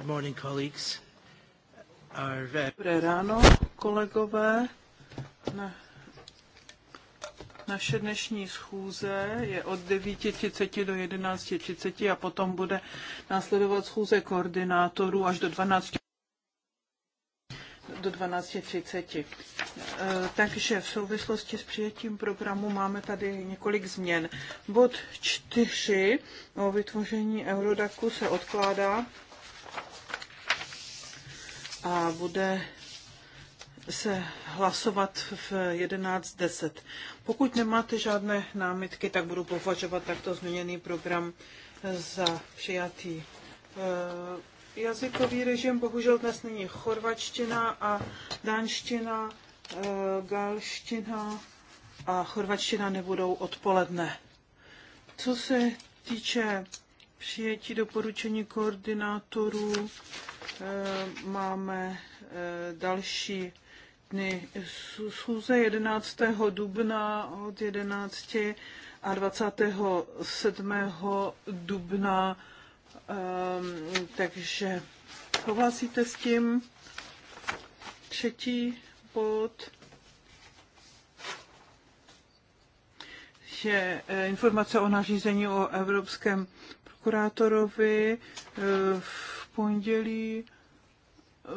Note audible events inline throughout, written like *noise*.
Uh, Dobré ráno, kolegové. Na, naše dnešní schůze je od 9.30 do 11.30 a potom bude následovat schůze koordinátorů až do 12 do 12.30. E, takže v souvislosti s přijetím programu máme tady několik změn. Bod 4 o vytvoření Eurodaku se odkládá a bude se hlasovat v 11.10. Pokud nemáte žádné námitky, tak budu považovat takto změněný program eh, za přijatý. Eh, jazykový režim bohužel dnes není chorvačtina a dánština, eh, galština a chorvačtina nebudou odpoledne. Co se týče přijetí doporučení koordinátorů, Eh, máme eh, další dny schůze 11. dubna od 11. a 27. dubna, ehm, takže souhlasíte s tím? Třetí bod je eh, informace o nařízení o evropském prokurátorovi v pondělí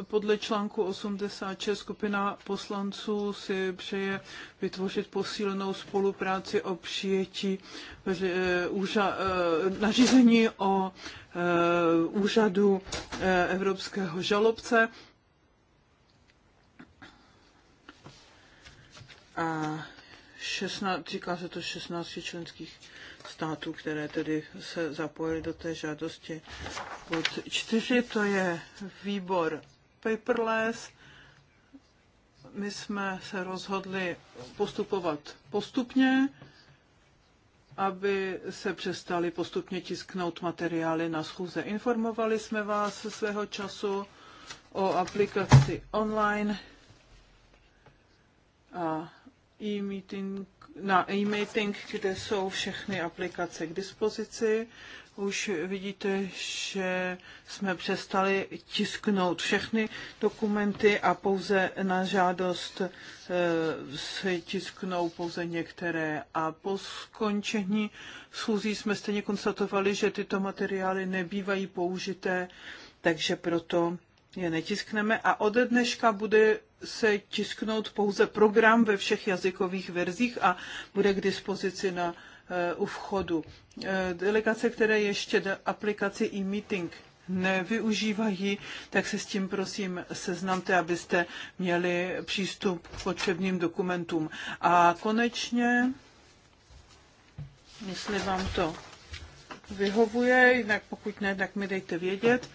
podle článku 86 skupina poslanců si přeje vytvořit posílenou spolupráci o přijetí e, e, nařízení o e, úřadu evropského žalobce. A 16, říká se to 16 členských států, které tedy se zapojily do té žádosti. Bod čtyři to je výbor paperless. My jsme se rozhodli postupovat postupně, aby se přestali postupně tisknout materiály na schůze. Informovali jsme vás svého času o aplikaci online a e-meeting na e-meeting, kde jsou všechny aplikace k dispozici. Už vidíte, že jsme přestali tisknout všechny dokumenty a pouze na žádost eh, se tisknou pouze některé. A po skončení schůzí jsme stejně konstatovali, že tyto materiály nebývají použité, takže proto je netiskneme a ode dneška bude se tisknout pouze program ve všech jazykových verzích a bude k dispozici na, eh, u vchodu. Eh, delegace, které ještě aplikaci e-meeting nevyužívají, tak se s tím prosím seznamte, abyste měli přístup k potřebným dokumentům. A konečně, jestli vám to vyhovuje, jinak pokud ne, tak mi dejte vědět.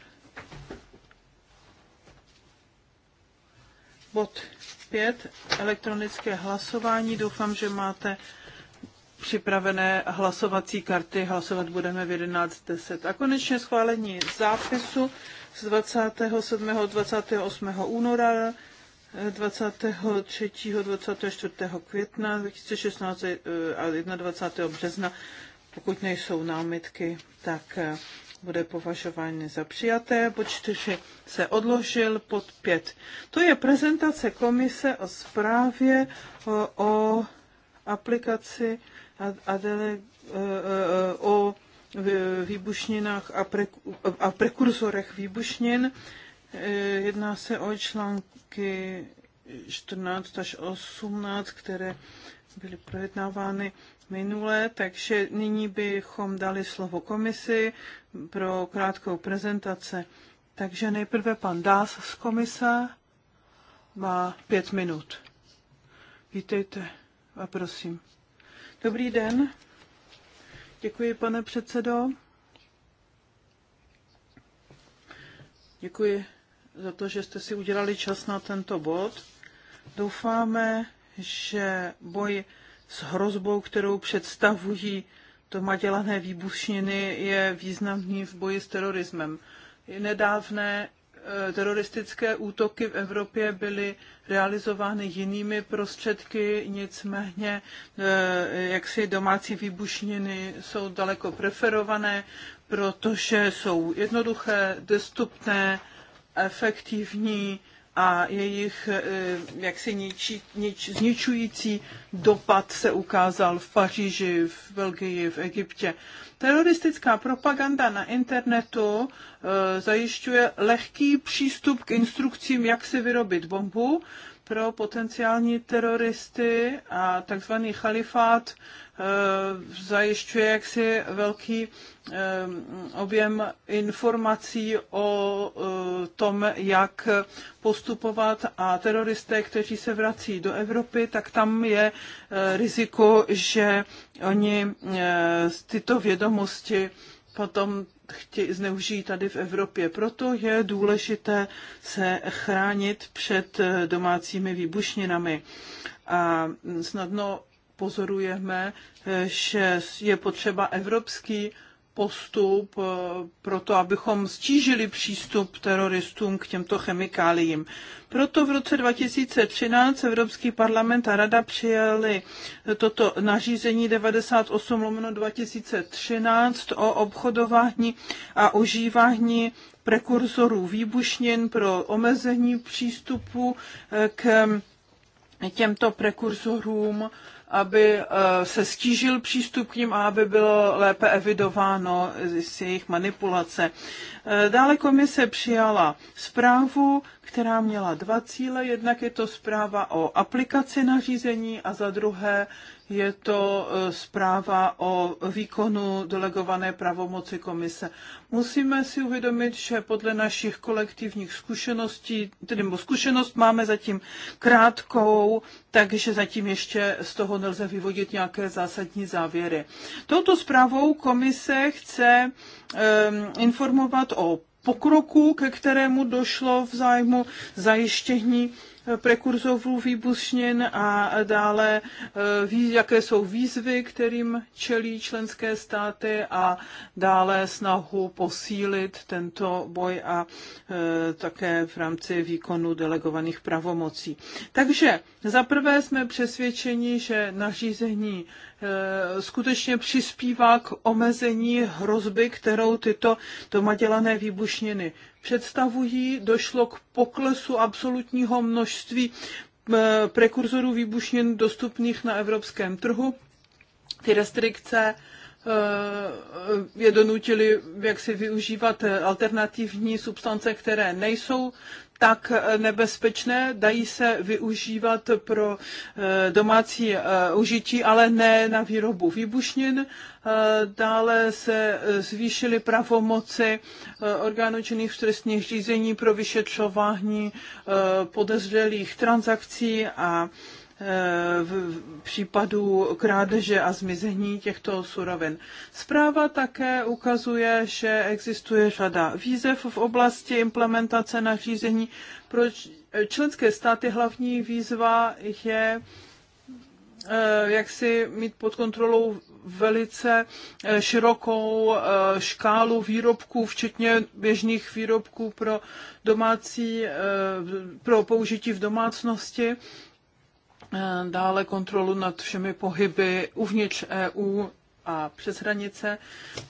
bod 5, elektronické hlasování. Doufám, že máte připravené hlasovací karty. Hlasovat budeme v 11.10. A konečně schválení zápisu z 27. 28. února 23. 24. května 2016 a 21. března. Pokud nejsou námitky, tak bude považován za přijaté, bod 4 se odložil, pod 5. To je prezentace komise o zprávě o, o aplikaci a, a dele, e, e, o výbušninách a, pre, a prekurzorech výbušnin. E, jedná se o články 14 až 18, které byly projednávány minule, takže nyní bychom dali slovo komisi pro krátkou prezentaci. Takže nejprve pan Dás z komise má pět minut. Vítejte a prosím. Dobrý den. Děkuji, pane předsedo. Děkuji za to, že jste si udělali čas na tento bod. Doufáme, že boj s hrozbou, kterou představují domadělané výbušniny, je významný v boji s terorismem. Nedávné e, teroristické útoky v Evropě byly realizovány jinými prostředky, nicméně e, jaksi domácí výbušniny jsou daleko preferované, protože jsou jednoduché, dostupné, efektivní, a jejich eh, jaksi niči, nič, zničující dopad se ukázal v Paříži, v Belgii, v Egyptě. Teroristická propaganda na internetu e, zajišťuje lehký přístup k instrukcím, jak si vyrobit bombu pro potenciální teroristy a takzvaný chalifát e, zajišťuje jaksi velký Eh, objem informací o eh, tom, jak postupovat a teroristé, kteří se vrací do Evropy, tak tam je eh, riziko, že oni tyto vědomosti potom chtějí zneužijí tady v Evropě. Proto je důležité se chránit před domácími výbušninami. A snadno pozorujeme, že je potřeba evropský postup eh, pro to, abychom stížili přístup teroristům k těmto chemikáliím. Proto v roce 2013 Evropský parlament a Rada přijali toto nařízení 98 lomeno 2013 o obchodování a užívání prekurzorů výbušnin pro omezení přístupu eh, k těmto prekurzorům aby eh, se stížil přístup k ním a aby bylo lépe evidováno eh, z jejich manipulace. Eh, dále komise přijala zprávu která měla dva cíle. Jednak je to zpráva o aplikaci nařízení a za druhé je to e, zpráva o výkonu delegované pravomoci komise. Musíme si uvědomit, že podle našich kolektivních zkušeností, tedy zkušenost máme zatím krátkou, takže zatím ještě z toho nelze vyvodit nějaké zásadní závěry. Touto zprávou komise chce um, informovat o pokroku, ke kterému došlo v zájmu zajištění eh, prekurzorů výbušnin a dále, eh, jaké jsou výzvy, kterým čelí členské státy a dále snahu posílit tento boj a eh, také v rámci výkonu delegovaných pravomocí. Takže za prvé jsme přesvědčeni, že nařízení Eh, skutečně přispívá k omezení hrozby, kterou tyto domadělané výbušniny představují. Došlo k poklesu absolutního množství eh, prekurzorů výbušnin dostupných na evropském trhu. Ty restrikce eh, je donutili jak si využívat alternativní substance, které nejsou tak nebezpečné, dají se využívat pro eh, domácí eh, užití, ale ne na výrobu výbušnin. Eh, dále se zvýšily pravomoci orgánů činných v trestních řízení pro vyšetřování podezřelých transakcí a v případu krádeže a zmizení těchto surovin. Zpráva také ukazuje, že existuje řada výzev v oblasti implementace nařízení. Pro členské státy hlavní výzva je eh, jak si mít pod kontrolou velice eh, širokou eh, škálu výrobků, včetně běžných výrobků pro domácí, pro použití v domácnosti. Eh, dále kontrolu nad všemi pohyby uvnitř EU a přes hranice. Eh,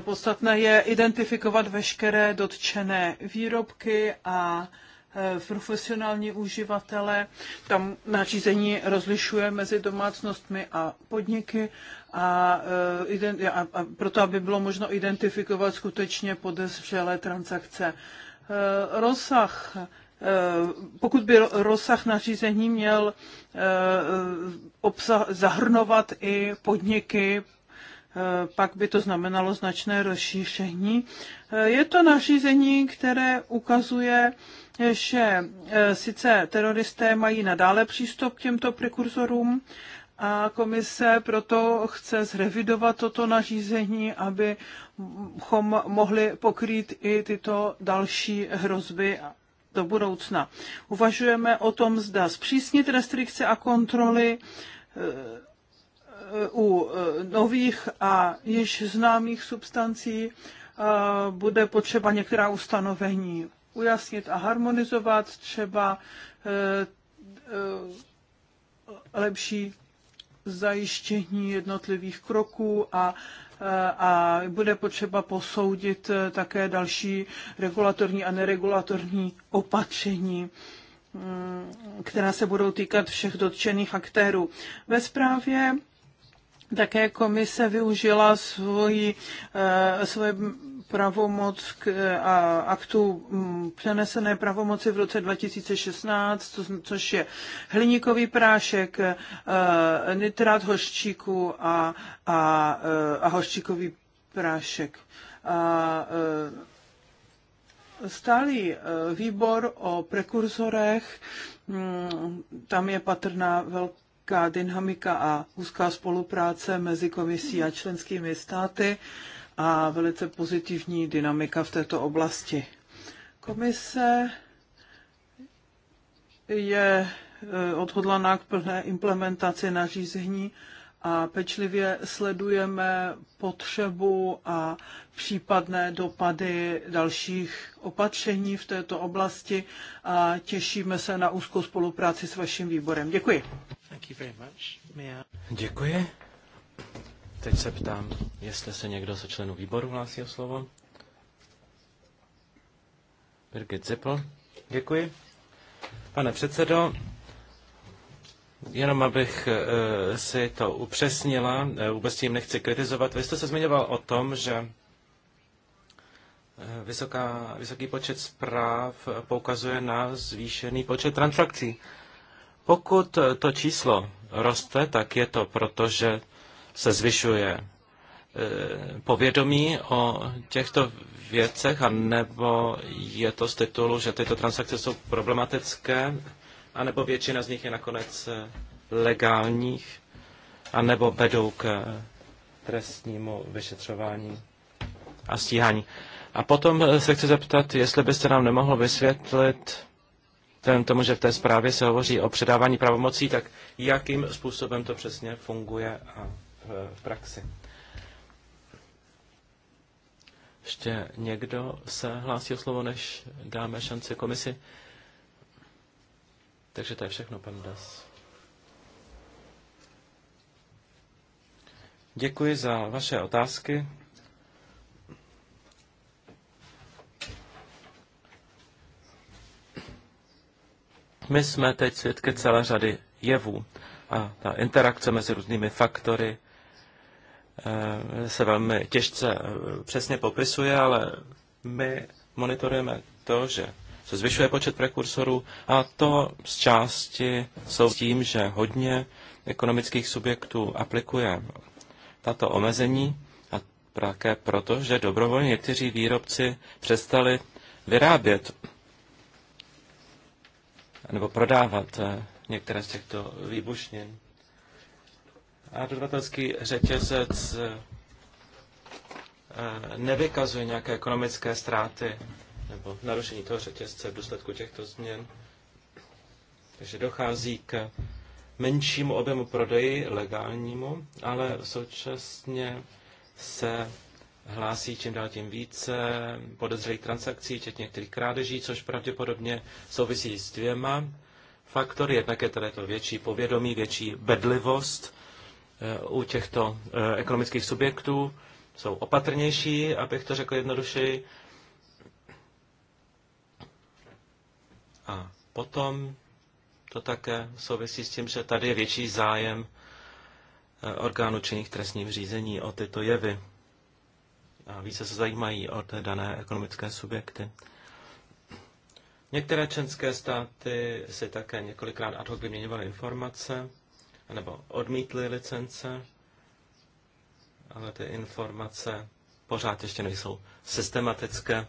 podstatné je identifikovat veškeré dotčené výrobky a eh, profesionální uživatele. Tam nařízení rozlišuje mezi domácnostmi a podniky a, a, a proto, aby bylo možno identifikovat skutečně podezřelé transakce. Rozsah Eh, pokud by rozsah nařízení měl eh, obsah, zahrnovat i podniky, eh, pak by to znamenalo značné rozšíření. Je to nařízení, které ukazuje, že sice teroristé mají nadále přístup k těmto prekurzorům, a komise proto chce zrevidovat toto nařízení, abychom mohli pokrýt i tyto další hrozby do budoucna. Uvažujeme o tom, zda zpřísnit restrikce a kontroly eh, eh, u eh, nových a již známých substancí bude potřeba některá ustanovení ujasnit a harmonizovat, třeba lepší zajištění jednotlivých kroků a a bude potřeba posoudit eh, také další regulatorní a neregulatorní opatření mm, která se budou týkat všech dotčených aktérů. Ve zprávě také komise využila svoji, eh, svoje pravomoc k, a aktu mm, přenesené pravomoci v roce 2016, co, což je hliníkový prášek, e, nitrát hořčíku a, a, e, a hořčíkový prášek. A, e, stálý výbor o prekurzorech, mm, tam je patrná velká dynamika a úzká spolupráce mezi komisí a členskými státy. Uh, a velice pozitivní dynamika v této oblasti. Komise je eh, odhodlaná k plné implementaci nařízení a pečlivě sledujeme potřebu a případné dopady dalších opatření v této oblasti a těšíme se na úzkou spolupráci s vaším výborem. Děkuji. Děkuji. Teď se ptám, jestli se někdo ze členů výboru hlásí o slovo. Birgit Zippel. Děkuji. Pane předsedo, Jenom abych eh, si to upřesnila, eh, vůbec tím nechci kritizovat. Vy jste se zmiňoval o tom, že eh, vysoká, vysoký počet zpráv poukazuje na zvýšený počet transakcí. Pokud to číslo roste, tak je to proto, že se zvyšuje eh, povědomí o těchto věcech, anebo je to z titulu, že tyto transakce jsou problematické, anebo většina z nich je nakonec eh, legálních, anebo vedou k eh, trestnímu vyšetřování a stíhání. A potom se chci zeptat, jestli byste nám nemohl vysvětlit, ten tomu, že v té zprávě se hovoří o předávání pravomocí, tak jakým způsobem to přesně funguje a v praxi. Ještě někdo se hlásí o slovo, než dáme šanci komisi? Takže to je všechno, pan Das. Děkuji za vaše otázky. My jsme teď svědky celé řady jevů a ta interakce mezi různými faktory Eh, se velmi těžce eh, přesně popisuje, ale my monitorujeme to, že se zvyšuje počet prekursorů a to z části jsou s tím, že hodně ekonomických subjektů aplikuje tato omezení a také proto, že dobrovolně někteří výrobci přestali vyrábět nebo prodávat eh, některé z těchto výbušnin a dodavatelský řetězec eh, nevykazuje nějaké ekonomické ztráty nebo narušení toho řetězce v důsledku těchto změn. Takže dochází k menšímu objemu prodeji, legálnímu, ale současně se hlásí čím dál tím více podezřelých transakcí, včetně některých krádeží, což pravděpodobně souvisí s dvěma faktory. Jednak je tady to větší povědomí, větší bedlivost u těchto eh, ekonomických subjektů jsou opatrnější, abych to řekl jednodušeji. A potom to také souvisí s tím, že tady je větší zájem eh, orgánů činných trestním řízení o tyto jevy. A více se zajímají o té dané ekonomické subjekty. Některé členské státy si také několikrát ad hoc vyměňovaly informace nebo odmítli licence, ale ty informace pořád ještě nejsou systematické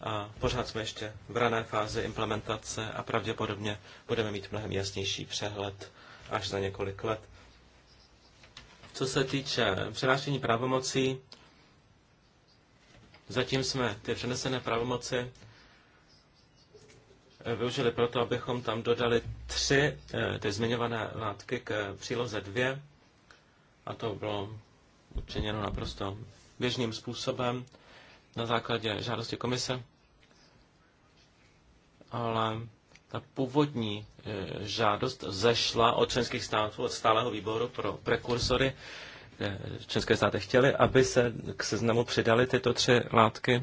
a pořád jsme ještě v rané fázi implementace a pravděpodobně budeme mít mnohem jasnější přehled až za několik let. Co se týče přenášení pravomocí, zatím jsme ty přenesené pravomoci využili proto, abychom tam dodali tři eh, ty zmiňované látky k eh, příloze dvě a to bylo učiněno naprosto běžným způsobem na základě žádosti komise, ale ta původní eh, žádost zešla od členských států, od stáleho výboru pro prekursory, kde členské státy chtěly, aby se k seznamu přidali tyto tři látky.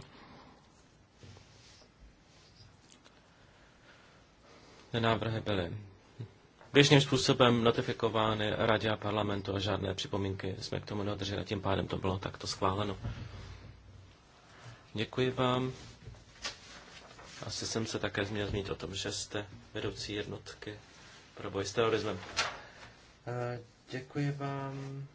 Ty návrhy byly běžným způsobem notifikovány Radě a parlamentu a žádné připomínky jsme k tomu neodrželi. Tím pádem to bylo takto schváleno. Děkuji vám. Asi jsem se také změnil zmínit o tom, že jste vedoucí jednotky pro boj s terorismem. Eh, děkuji vám.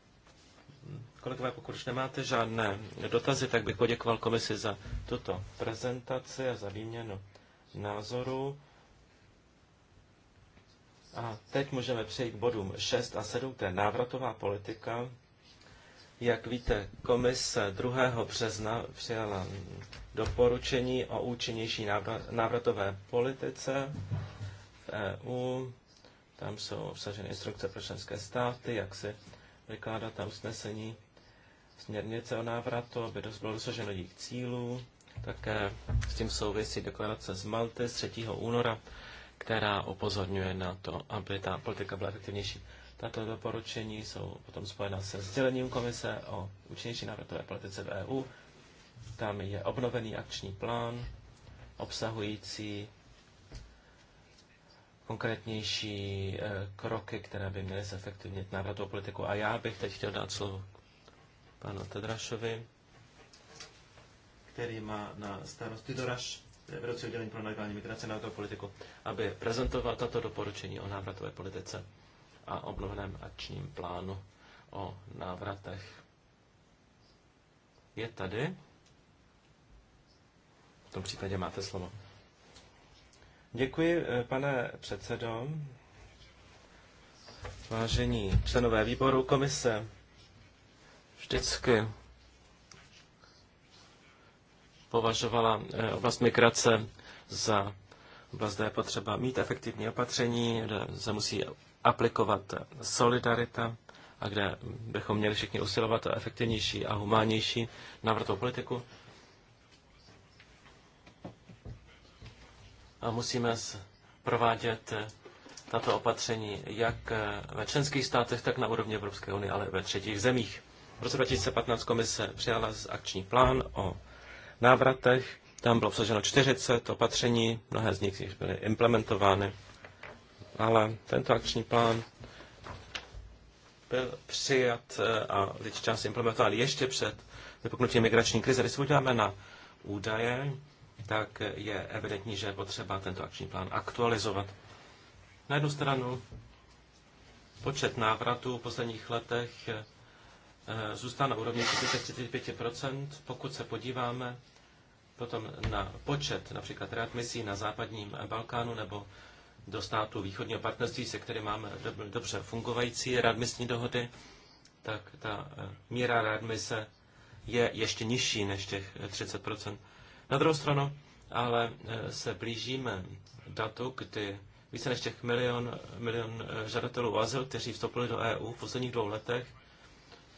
Kolegové, pokud už nemáte žádné dotazy, tak bych poděkoval komisi za tuto prezentaci a za výměnu názoru. A teď můžeme přejít k bodům 6 a 7, to je návratová politika. Jak víte, komise 2. března přijala doporučení o účinnější návratové politice v EU. Tam jsou obsaženy instrukce pro členské státy, jak se vykládá ta usnesení směrnice o návratu, aby bylo dosaženo jejich cílů. Také s tím souvisí deklarace z Malty z 3. února která upozorňuje na to, aby ta politika byla efektivnější. Tato doporučení jsou potom spojena se sdělením komise o účinnější návratové politice v EU. Tam je obnovený akční plán obsahující konkrétnější eh, kroky, které by měly zefektivnit návratovou politiku. A já bych teď chtěl dát slovo panu Tedrašovi, který má na starosti Doraš vedoucí oddělení pro legální migraci na to politiku, aby prezentoval tato doporučení o návratové politice a obnoveném akčním plánu o návratech. Je tady? V tom případě máte slovo. Děkuji, eh, pane předsedo. Vážení členové výboru komise, vždycky považovala eh, oblast migrace za oblast, kde je potřeba mít efektivní opatření, kde se musí aplikovat solidarita a kde bychom měli všichni usilovat o efektivnější a humánnější návratovou politiku. A musíme provádět eh, tato opatření jak eh, ve členských státech, tak na úrovni Evropské unie, ale ve třetích zemích. V roce 2015 komise přijala akční plán o návratech. Tam bylo obsaženo 40 opatření, mnohé z nich byly implementovány. Ale tento akční plán byl přijat eh, a větší se implementován ještě před vypuknutím migrační krize. Když se podíváme na údaje, tak je evidentní, že je potřeba tento akční plán aktualizovat. Na jednu stranu počet návratů v posledních letech eh, zůstal na úrovni 35 pokud se podíváme Potom na počet například misí na západním Balkánu nebo do států východního partnerství, se kterým máme dobře fungovající readmisní dohody, tak ta eh, míra readmise je ještě nižší než těch 30 eh, Na druhou stranu ale eh, se blížíme datu, kdy více než těch milion, milion žadatelů o azyl, kteří vstoupili do EU v posledních dvou letech,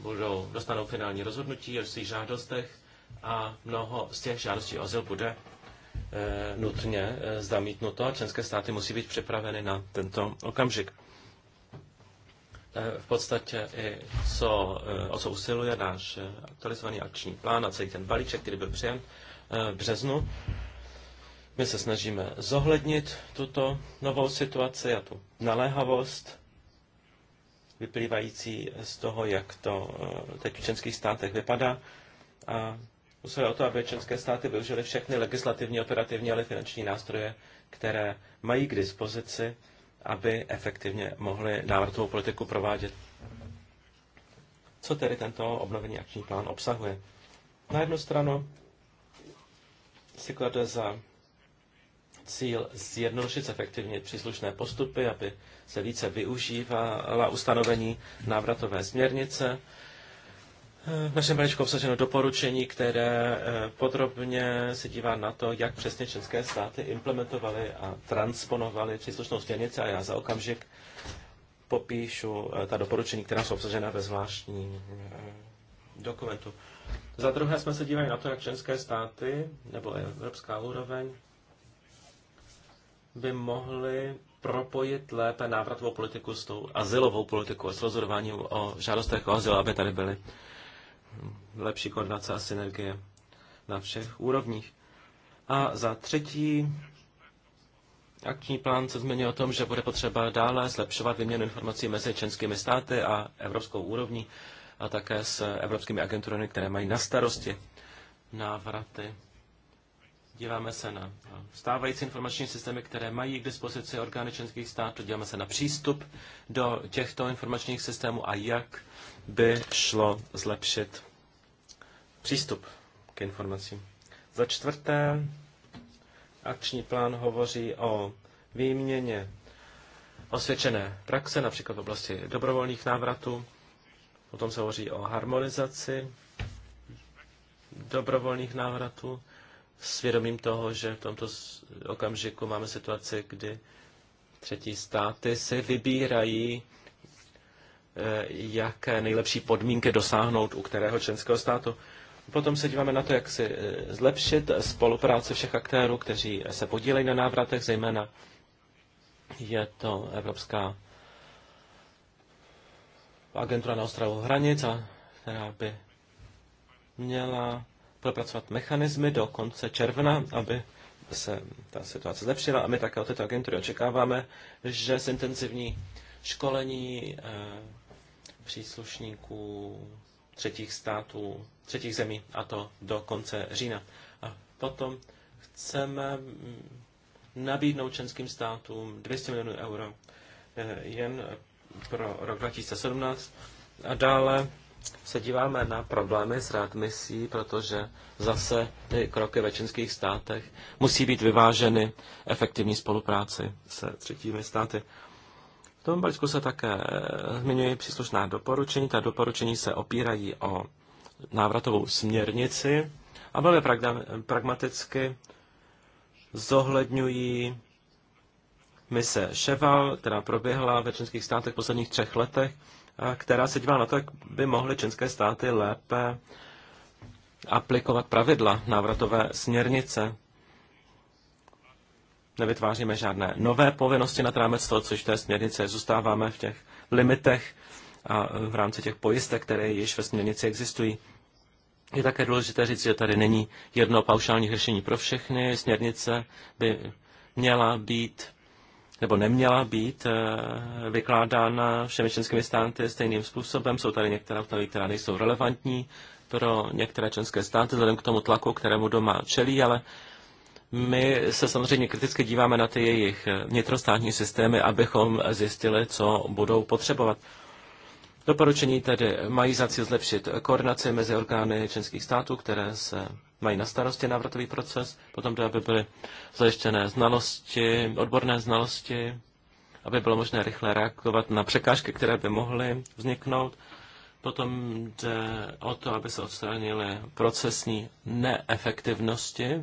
budou, dostanou finální rozhodnutí o svých žádostech a mnoho z těch žádostí o azyl bude eh, nutně eh, zamítnuto a členské státy musí být připraveny na tento okamžik. Eh, v podstatě i co, o co usiluje náš aktualizovaný akční plán a celý ten balíček, který byl přijat v březnu. My se snažíme zohlednit tuto novou situaci a tu naléhavost vyplývající z toho, jak to teď v členských státech vypadá. A usiluje o to, aby členské státy využily všechny legislativní, operativní, ale finanční nástroje, které mají k dispozici, aby efektivně mohly návratovou politiku provádět. Co tedy tento obnovený akční plán obsahuje? Na jednu stranu si klade za cíl zjednodušit efektivně příslušné postupy, aby se více využívala ustanovení návratové směrnice, Eh, Naše maličko obsaženo doporučení, které eh, podrobně se dívá na to, jak přesně české státy implementovaly a transponovaly příslušnou směrnici a já za okamžik popíšu eh, ta doporučení, která jsou obsažena ve zvláštním dokumentu. Za druhé jsme se dívali na to, jak české státy nebo evropská úroveň by mohly propojit lépe návratovou politiku s tou asilovou politikou s rozhodováním o žádostech o azyl, aby tady byly lepší koordinace a synergie na všech úrovních. A za třetí, akční plán se změní o tom, že bude potřeba dále zlepšovat výměnu informací mezi členskými státy a evropskou úrovní a také s evropskými agenturami, které mají na starosti návraty. Díváme se na stávající informační systémy, které mají k dispozici orgány členských států, díváme se na přístup do těchto informačních systémů a jak by šlo zlepšit přístup k informacím. Za čtvrté, akční plán hovoří o výměně osvědčené praxe, například v oblasti dobrovolných návratů. Potom se hovoří o harmonizaci dobrovolných návratů svědomím toho, že v tomto okamžiku máme situaci, kdy třetí státy si vybírají Eh, jaké nejlepší podmínky dosáhnout u kterého členského státu. Potom se díváme na to, jak si eh, zlepšit spolupráci všech aktérů, kteří se podílejí na návratech, zejména je to Evropská agentura na ostravu hranic, která by měla propracovat mechanismy do konce června, aby se ta situace zlepšila a my také od této agentury očekáváme, že s intenzivní školení eh, příslušníků třetích států, třetích zemí, a to do konce října. A potom chceme nabídnout členským státům 200 milionů euro eh, jen pro rok 2017. A dále se díváme na problémy s readmisí, protože zase ty kroky ve členských státech musí být vyváženy efektivní spolupráci se třetími státy. V tom balíčku se také eh, zmiňují příslušná doporučení. Ta doporučení se opírají o návratovou směrnici a velmi pragmaticky zohledňují mise Cheval, která proběhla ve členských státech v posledních třech letech, a která se dívá na to, jak by mohly členské státy lépe aplikovat pravidla návratové směrnice nevytváříme žádné nové povinnosti na rámec toho, což v té směrnice zůstáváme v těch limitech a v rámci těch pojistek, které již ve směrnici existují. Je také důležité říct, že tady není jedno paušální řešení pro všechny. Směrnice by měla být nebo neměla být eh, vykládána všemi členskými státy stejným způsobem. Jsou tady některá ustanovení, která nejsou relevantní pro některé členské státy, vzhledem k tomu tlaku, kterému doma čelí, ale my se samozřejmě kriticky díváme na ty jejich vnitrostátní systémy, abychom zjistili, co budou potřebovat. Doporučení tedy mají za cíl zlepšit koordinaci mezi orgány členských států, které se mají na starosti návratový proces, potom to, aby byly zajištěné znalosti, odborné znalosti, aby bylo možné rychle reagovat na překážky, které by mohly vzniknout. Potom jde o to, aby se odstranily procesní neefektivnosti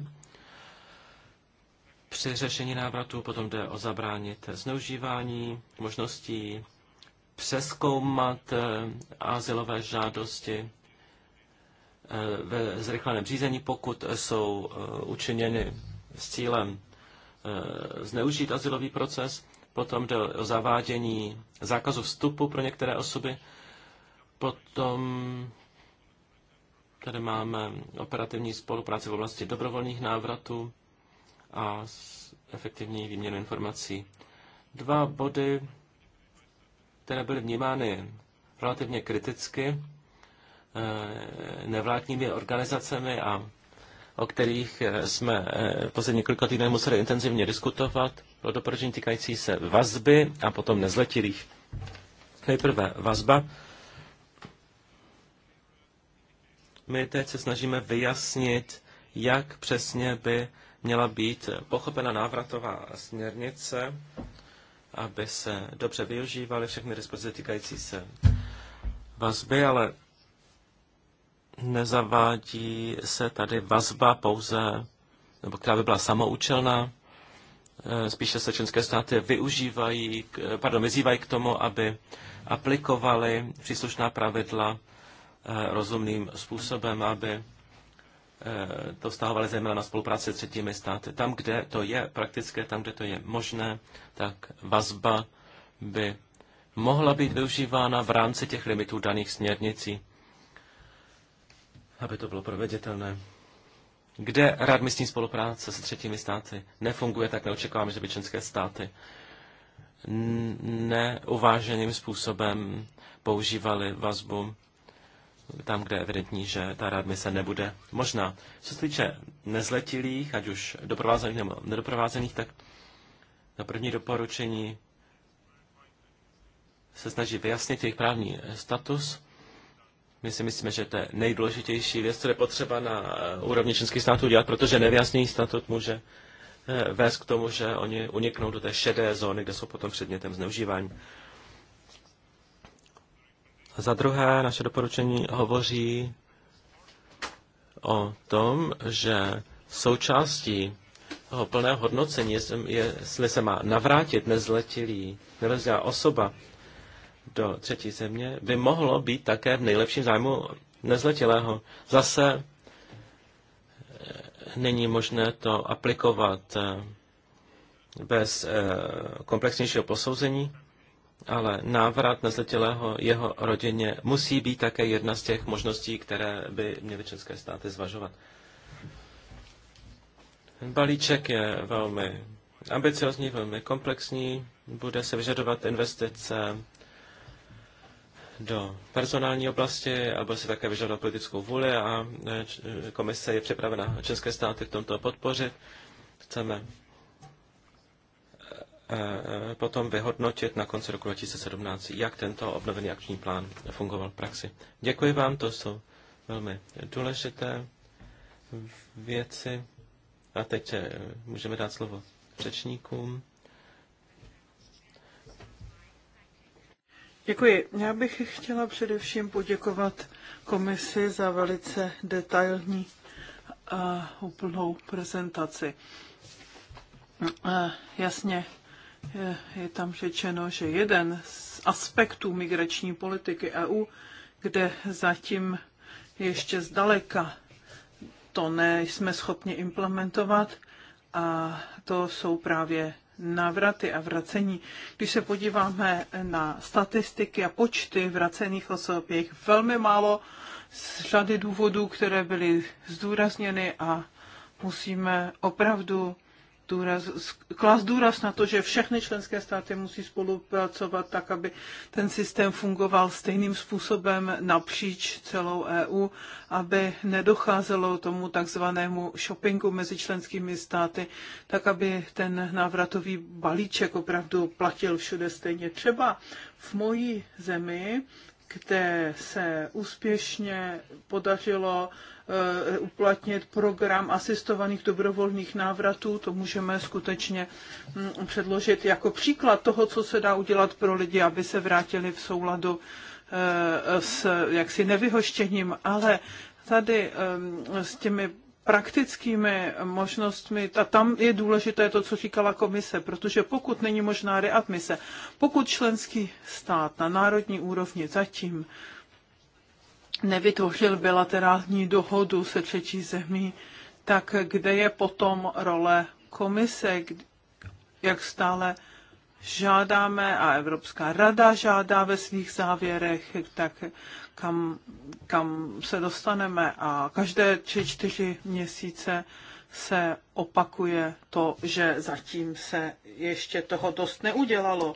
při řešení návratu, potom jde o zabránit zneužívání možností, přeskoumat eh, asilové žádosti eh, ve zrychleném řízení, pokud jsou eh, učiněny s cílem zneužít asilový proces, potom jde o zavádění zákazu vstupu pro některé osoby, potom tady máme operativní spolupráci v oblasti dobrovolných návratů, a efektivní výměnu informací. Dva body, které byly vnímány relativně kriticky eh, nevládními organizacemi a o kterých eh, jsme eh, poslední několika týdnů museli intenzivně diskutovat. Bylo doporučení týkající se vazby a potom nezletilých. Nejprve vazba. My teď se snažíme vyjasnit, jak přesně by měla být pochopena návratová směrnice, aby se dobře využívaly všechny dispozice týkající se vazby, ale nezavádí se tady vazba pouze, nebo která by byla samoučelná, eh, spíše se členské státy využívají, pardon, vyzývají k tomu, aby aplikovali příslušná pravidla eh, rozumným způsobem, aby Eh, to stahovali zejména na spolupráci s třetími státy. Tam, kde to je praktické, tam, kde to je možné, tak vazba by mohla být využívána v rámci těch limitů daných směrnicí, aby to bylo proveditelné. Kde rád místní spolupráce s třetími státy nefunguje, tak neočekáváme, že by členské státy neuváženým způsobem používali vazbu tam, kde je evidentní, že ta readmise nebude možná. Co se týče nezletilých, ať už doprovázených nebo nedoprovázených, tak na první doporučení se snaží vyjasnit jejich právní status. My si myslíme, že to je nejdůležitější věc, co je potřeba na eh, úrovni členských států dělat, protože nevyjasněný statut může eh, vést k tomu, že oni uniknou do té šedé zóny, kde jsou potom předmětem zneužívání. Za druhé, naše doporučení hovoří o tom, že součástí toho plného hodnocení, jestli se má navrátit nezletilý, nezletilá osoba do třetí země, by mohlo být také v nejlepším zájmu nezletilého. Zase eh, není možné to aplikovat eh, bez eh, komplexnějšího posouzení ale návrat nezletilého jeho rodině musí být také jedna z těch možností, které by měly české státy zvažovat. Balíček je velmi ambiciozní, velmi komplexní, bude se vyžadovat investice do personální oblasti a bude se také vyžadovat politickou vůli a e, e, komise je připravena české státy v tomto podpořit. Chceme Eh, potom vyhodnotit na konci roku 2017, jak tento obnovený akční plán fungoval v praxi. Děkuji vám, to jsou velmi důležité věci. A teď eh, můžeme dát slovo řečníkům. Děkuji. Já bych chtěla především poděkovat komisi za velice detailní a úplnou prezentaci. Eh, jasně je, je tam řečeno, že jeden z aspektů migrační politiky EU, kde zatím ještě zdaleka to nejsme schopni implementovat, a to jsou právě návraty a vracení. Když se podíváme na statistiky a počty vracených osob, je jich velmi málo z řady důvodů, které byly zdůrazněny a musíme opravdu důraz, klas důraz na to, že všechny členské státy musí spolupracovat tak, aby ten systém fungoval stejným způsobem napříč celou EU, aby nedocházelo tomu takzvanému shoppingu mezi členskými státy, tak, aby ten návratový balíček opravdu platil všude stejně. Třeba v mojí zemi, kde se úspěšně podařilo Eh, uplatnit program asistovaných dobrovolných návratů. To můžeme skutečně mm, předložit jako příklad toho, co se dá udělat pro lidi, aby se vrátili v souladu eh, s jaksi nevyhoštěním, ale tady eh, s těmi praktickými možnostmi, a tam je důležité to, co říkala komise, protože pokud není možná readmise, pokud členský stát na národní úrovni zatím nevytvořil bilaterální dohodu se třetí zemí, tak kde je potom role komise, jak stále žádáme a Evropská rada žádá ve svých závěrech, tak kam, kam se dostaneme. A každé tři, čtyři měsíce se opakuje to, že zatím se ještě toho dost neudělalo.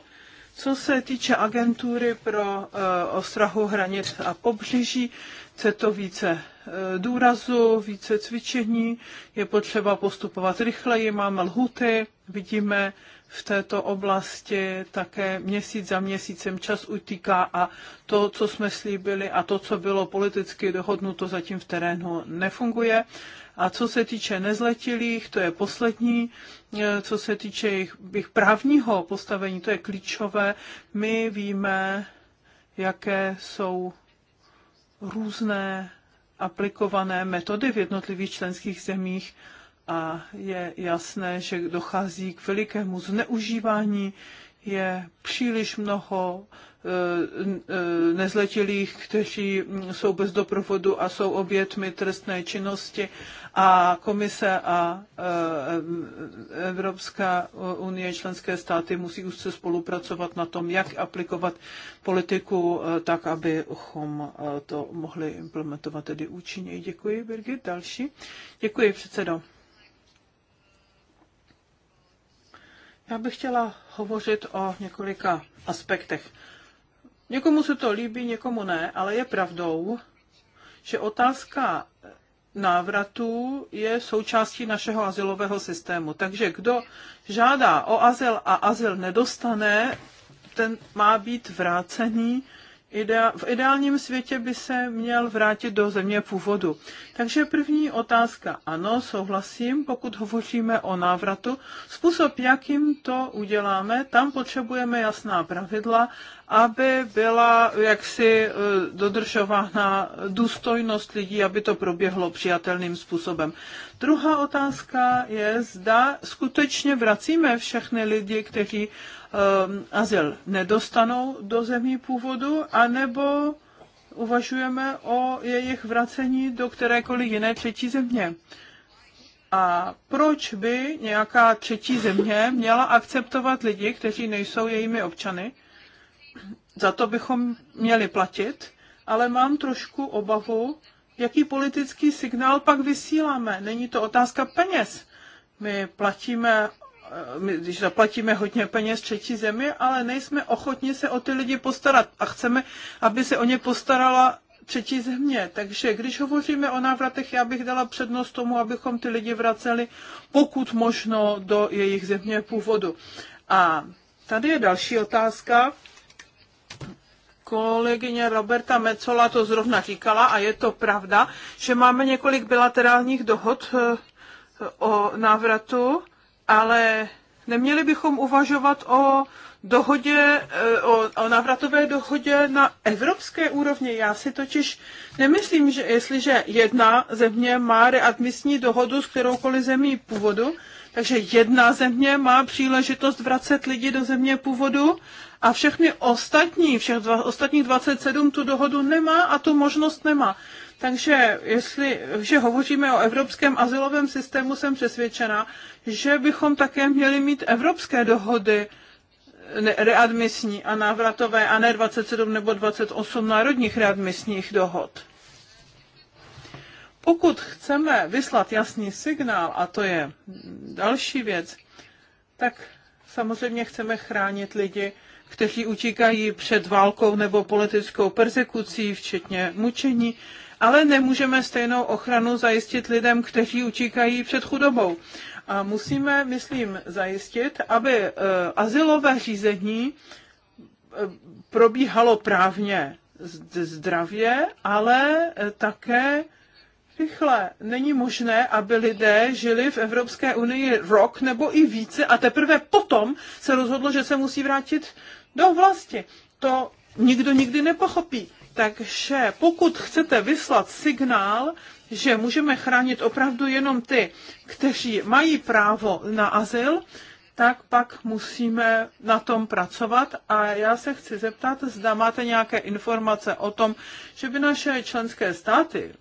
Co se týče agentury pro eh, ostrahu hranic a pobřeží, chce to více eh, důrazu, více cvičení, je potřeba postupovat rychleji, máme lhuty, vidíme v této oblasti také měsíc za měsícem čas utíká a to, co jsme slíbili a to, co bylo politicky dohodnuto, zatím v terénu nefunguje. A co se týče nezletilých, to je poslední, eh, co se týče jejich, jejich právního postavení, to je klíčové. My víme, jaké jsou různé aplikované metody v jednotlivých členských zemích a je jasné, že dochází k velikému zneužívání je příliš mnoho eh, eh, nezletilých, kteří jsou bez doprovodu a jsou obětmi trestné činnosti a komise a eh, Evropská unie, členské státy musí se spolupracovat na tom, jak aplikovat politiku tak, abychom to mohli implementovat tedy účinněji. Děkuji, Birgit. Další. Děkuji, předsedo. Já bych chtěla hovořit o několika aspektech. Někomu se to líbí, někomu ne, ale je pravdou, že otázka návratu je součástí našeho azylového systému. Takže kdo žádá o azyl a azyl nedostane, ten má být vrácený v ideálním světě by se měl vrátit do země původu. Takže první otázka. Ano, souhlasím, pokud hovoříme o návratu. Způsob, jakým to uděláme, tam potřebujeme jasná pravidla aby byla jaksi eh, dodržována důstojnost lidí, aby to proběhlo přijatelným způsobem. Druhá otázka je, zda skutečně vracíme všechny lidi, kteří um, azyl nedostanou do zemí původu, anebo uvažujeme o jejich vracení do kterékoliv jiné třetí země. A proč by nějaká třetí země měla akceptovat lidi, kteří nejsou jejími občany? za to bychom měli platit, ale mám trošku obavu, jaký politický signál pak vysíláme. Není to otázka peněz. My platíme, eh, my, když zaplatíme hodně peněz třetí zemi, ale nejsme ochotni se o ty lidi postarat a chceme, aby se o ně postarala třetí země. Takže když hovoříme o návratech, já bych dala přednost tomu, abychom ty lidi vraceli pokud možno do jejich země původu. A tady je další otázka, kolegyně Roberta Mecola to zrovna říkala a je to pravda, že máme několik bilaterálních dohod eh, o návratu, ale neměli bychom uvažovat o dohodě, eh, o, o návratové dohodě na evropské úrovni. Já si totiž nemyslím, že jestliže jedna země má readmisní dohodu s kteroukoliv zemí původu, takže jedna země má příležitost vracet lidi do země původu a všechny ostatní, všech dva, ostatních 27 tu dohodu nemá a tu možnost nemá. Takže jestli, že hovoříme o evropském asilovém systému, jsem přesvědčena, že bychom také měli mít evropské dohody readmisní a návratové a ne 27 nebo 28 národních readmisních dohod. Pokud chceme vyslat jasný signál, a to je další věc, tak samozřejmě chceme chránit lidi, kteří utíkají před válkou nebo politickou persekucí, včetně mučení, ale nemůžeme stejnou ochranu zajistit lidem, kteří utíkají před chudobou. A musíme, myslím, zajistit, aby e, asilové řízení e, probíhalo právně zdravě, ale e, také rychle. Není možné, aby lidé žili v Evropské unii rok nebo i více a teprve potom se rozhodlo, že se musí vrátit do vlasti. To nikdo nikdy nepochopí. Takže pokud chcete vyslat signál, že můžeme chránit opravdu jenom ty, kteří mají právo na azyl, tak pak musíme na tom pracovat. A já se chci zeptat, zda máte nějaké informace o tom, že by naše členské státy,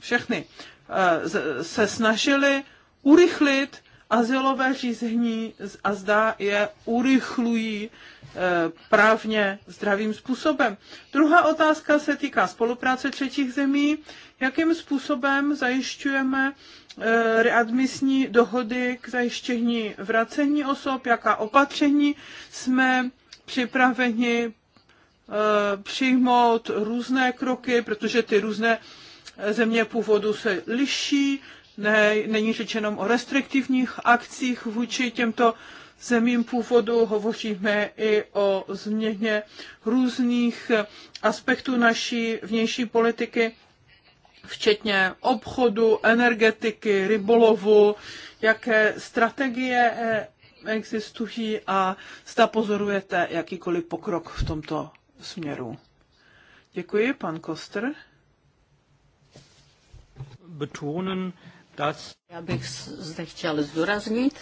všechny, eh, se snažili urychlit azylové řízení a zda je urychlují eh, právně zdravým způsobem. Druhá otázka se týká spolupráce třetích zemí. Jakým způsobem zajišťujeme eh, readmisní dohody k zajištění vracení osob, jaká opatření jsme připraveni eh, přijmout různé kroky, protože ty různé země původu se liší, ne, není řeč jenom o restriktivních akcích vůči těmto zemím původu, hovoříme i o změně různých aspektů naší vnější politiky, včetně obchodu, energetiky, rybolovu, jaké strategie existují a zda pozorujete jakýkoliv pokrok v tomto směru. Děkuji, pan Koster. Betonen, já bych zde chtěl zdůraznit,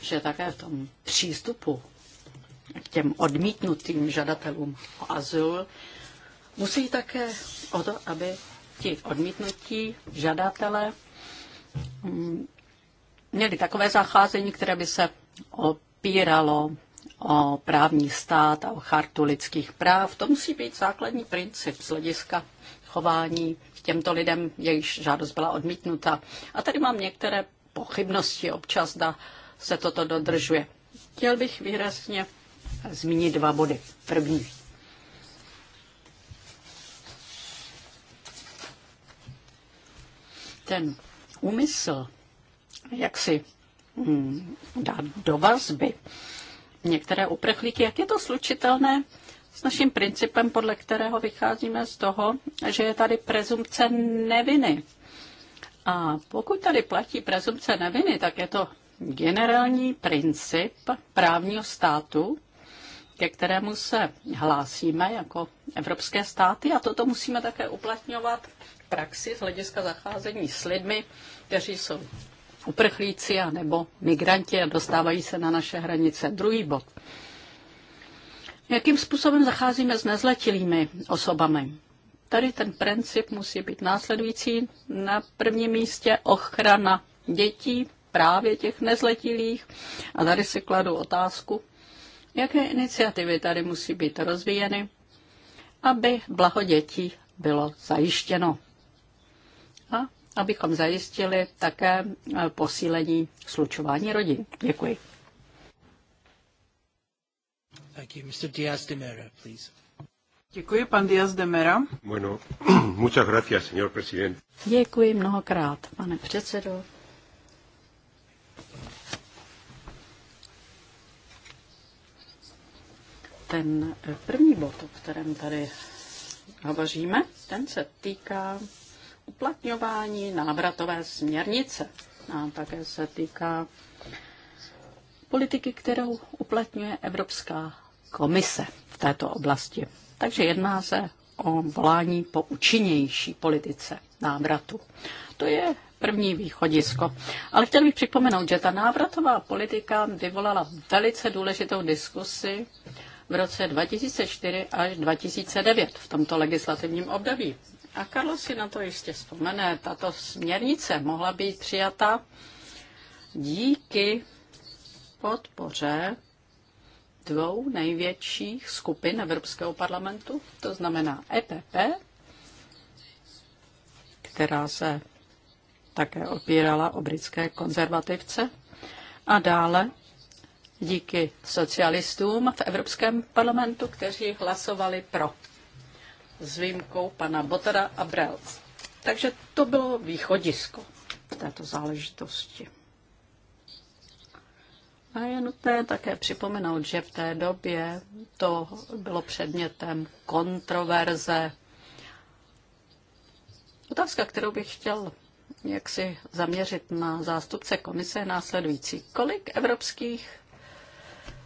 že také v tom přístupu k těm odmítnutým žadatelům o azyl musí také o to, aby ti odmítnutí žadatele mm, měli takové zacházení, které by se opíralo o právní stát a o chartu lidských práv. To musí být základní princip z hlediska chování těmto lidem, jejichž žádost byla odmítnuta. A tady mám některé pochybnosti občas, da se toto dodržuje. Chtěl bych výrazně zmínit dva body. První. Ten úmysl, jak si hmm, dát do vazby některé uprchlíky, jak je to slučitelné s naším principem, podle kterého vycházíme z toho, že je tady prezumce neviny. A pokud tady platí prezumce neviny, tak je to generální princip právního státu, ke kterému se hlásíme jako evropské státy a toto musíme také uplatňovat v praxi z hlediska zacházení s lidmi, kteří jsou uprchlíci a nebo migranti a dostávají se na naše hranice. Druhý bod. Jakým způsobem zacházíme s nezletilými osobami? Tady ten princip musí být následující. Na prvním místě ochrana dětí, právě těch nezletilých. A tady si kladu otázku, jaké iniciativy tady musí být rozvíjeny, aby blaho dětí bylo zajištěno. A abychom zajistili také eh, posílení slučování rodin. Děkuji. Thank you. Mr. Diaz de Mera, please. Děkuji, pan Diaz de Mera. Bueno, *clears throat* muchas gracias, señor presidente. Děkuji mnohokrát, pane předsedo. Ten první bod, o kterém tady hovoříme, ten se týká uplatňování návratové směrnice. A také se týká politiky, kterou uplatňuje Evropská komise v této oblasti. Takže jedná se o volání po účinnější politice návratu. To je první východisko. Ale chtěl bych připomenout, že ta návratová politika vyvolala velice důležitou diskusi v roce 2004 až 2009 v tomto legislativním období. A Karlo si na to jistě vzpomene. Tato směrnice mohla být přijata díky podpoře dvou největších skupin Evropského parlamentu, to znamená EPP, která se také opírala o britské konzervativce, a dále díky socialistům v Evropském parlamentu, kteří hlasovali pro, s výjimkou pana Botara a Brels. Takže to bylo východisko v této záležitosti. A je nutné také připomenout, že v té době to bylo předmětem kontroverze. Otázka, kterou bych chtěl jak si zaměřit na zástupce komise, následující. Kolik evropských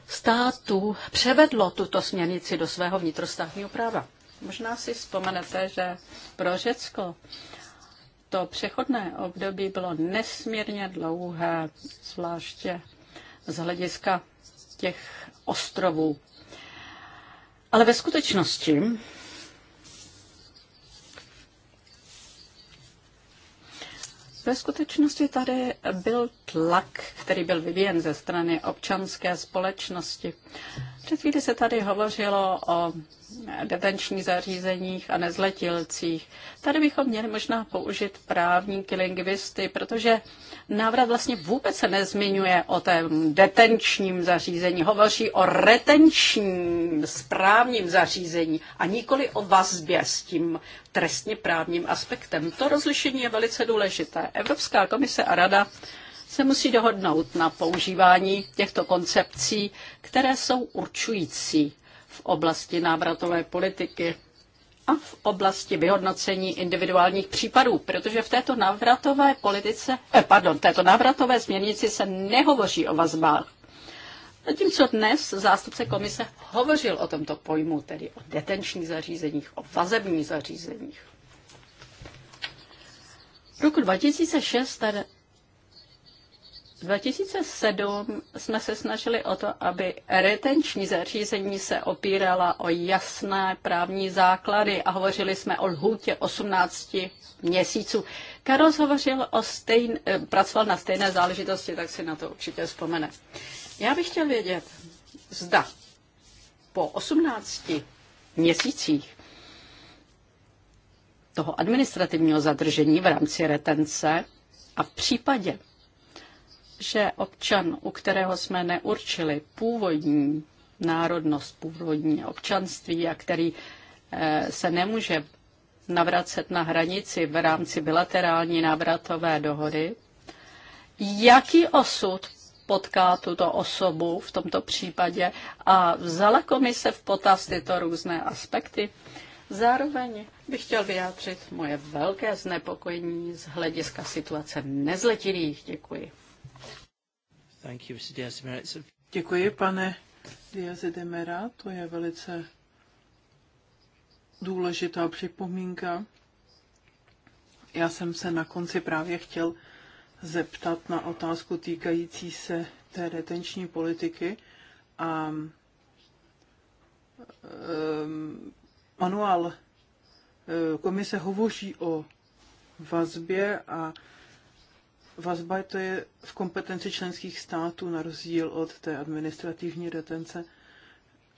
států převedlo tuto směrnici do svého vnitrostátního práva? Možná si vzpomenete, že pro Řecko to přechodné období bylo nesmírně dlouhé, zvláště z hlediska těch ostrovů. Ale ve skutečnosti Ve skutečnosti tady byl tlak, který byl vyvíjen ze strany občanské společnosti. Před chvíli se tady hovořilo o detenčních zařízeních a nezletilcích. Tady bychom měli možná použít právníky, lingvisty, protože návrat vlastně vůbec se nezmiňuje o tom detenčním zařízení. Hovoří o retenčním správním zařízení a nikoli o vazbě s tím trestně právním aspektem. To rozlišení je velice důležité. Evropská komise a rada se musí dohodnout na používání těchto koncepcí, které jsou určující v oblasti návratové politiky a v oblasti vyhodnocení individuálních případů, protože v této návratové politice, eh, pardon, této návratové směrnici se nehovoří o vazbách. Zatímco dnes zástupce komise hovořil o tomto pojmu, tedy o detenčních zařízeních, o vazebních zařízeních roku 2006 2007 jsme se snažili o to, aby retenční zařízení se opírala o jasné právní základy a hovořili jsme o lhůtě 18 měsíců. Karos hovořil o stejn, eh, pracoval na stejné záležitosti, tak si na to určitě vzpomene. Já bych chtěl vědět, zda po 18 měsících toho administrativního zadržení v rámci retence a v případě, že občan, u kterého jsme neurčili původní národnost, původní občanství a který eh, se nemůže navracet na hranici v rámci bilaterální návratové dohody, jaký osud potká tuto osobu v tomto případě a vzala komise v potaz tyto různé aspekty. Zároveň bych chtěl vyjádřit moje velké znepokojení z hlediska situace nezletilých. Děkuji. Thank you, Mr. Děkuji, pane Diaz Demera. To je velice důležitá připomínka. Já jsem se na konci právě chtěl zeptat na otázku týkající se té retenční politiky a ehm, manuál e, komise hovoří o vazbě a vazba to je v kompetenci členských států na rozdíl od té administrativní retence.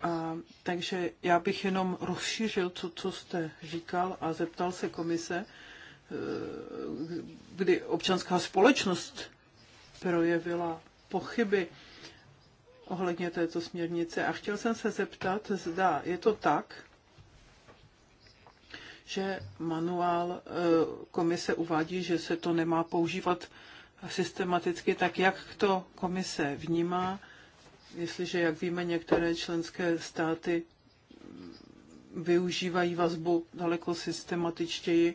A, takže já bych jenom rozšířil, co, co jste říkal a zeptal se komise, e, kdy občanská společnost projevila pochyby ohledně této směrnice. A chtěl jsem se zeptat, zda je to tak, že manuál eh, komise uvádí, že se to nemá používat systematicky, tak jak to komise vnímá, jestliže, jak víme, některé členské státy využívají vazbu daleko systematičtěji,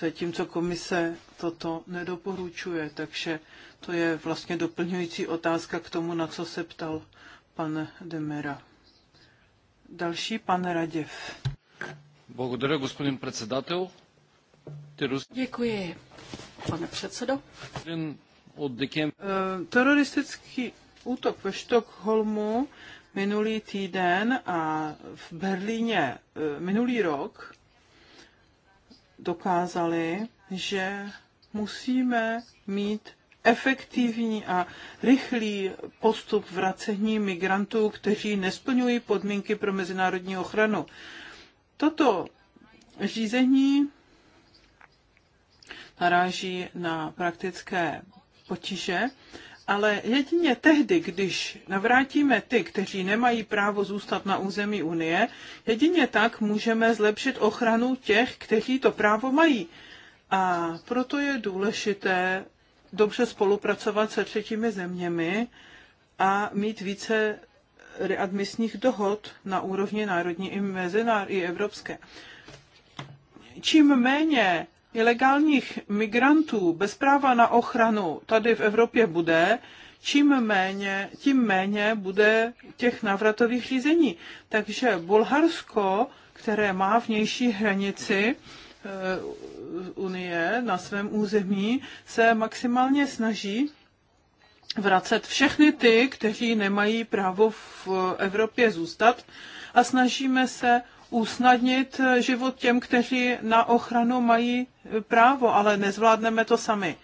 zatímco komise toto nedoporučuje. Takže to je vlastně doplňující otázka k tomu, na co se ptal pan Demera. Další pan Raděv. Благодаря, господин председател. Děkuji, pane předsedo. Teroristický útok ve Štokholmu minulý týden a v Berlíně minulý rok dokázali, že musíme mít efektivní a rychlý postup vracení migrantů, kteří nesplňují podmínky pro mezinárodní ochranu. Toto řízení naráží na praktické potíže, ale jedině tehdy, když navrátíme ty, kteří nemají právo zůstat na území Unie, jedině tak můžeme zlepšit ochranu těch, kteří to právo mají. A proto je důležité dobře spolupracovat se třetími zeměmi a mít více readmisních dohod na úrovni národní i, mezinárodní i evropské. Čím méně ilegálních migrantů bez práva na ochranu tady v Evropě bude, čím méně, tím méně bude těch návratových řízení. Takže Bulharsko, které má vnější hranici, e, Unie na svém území se maximálně snaží vracet všechny ty, kteří nemají právo v Evropě zůstat a snažíme se usnadnit život těm, kteří na ochranu mají právo, ale nezvládneme to sami.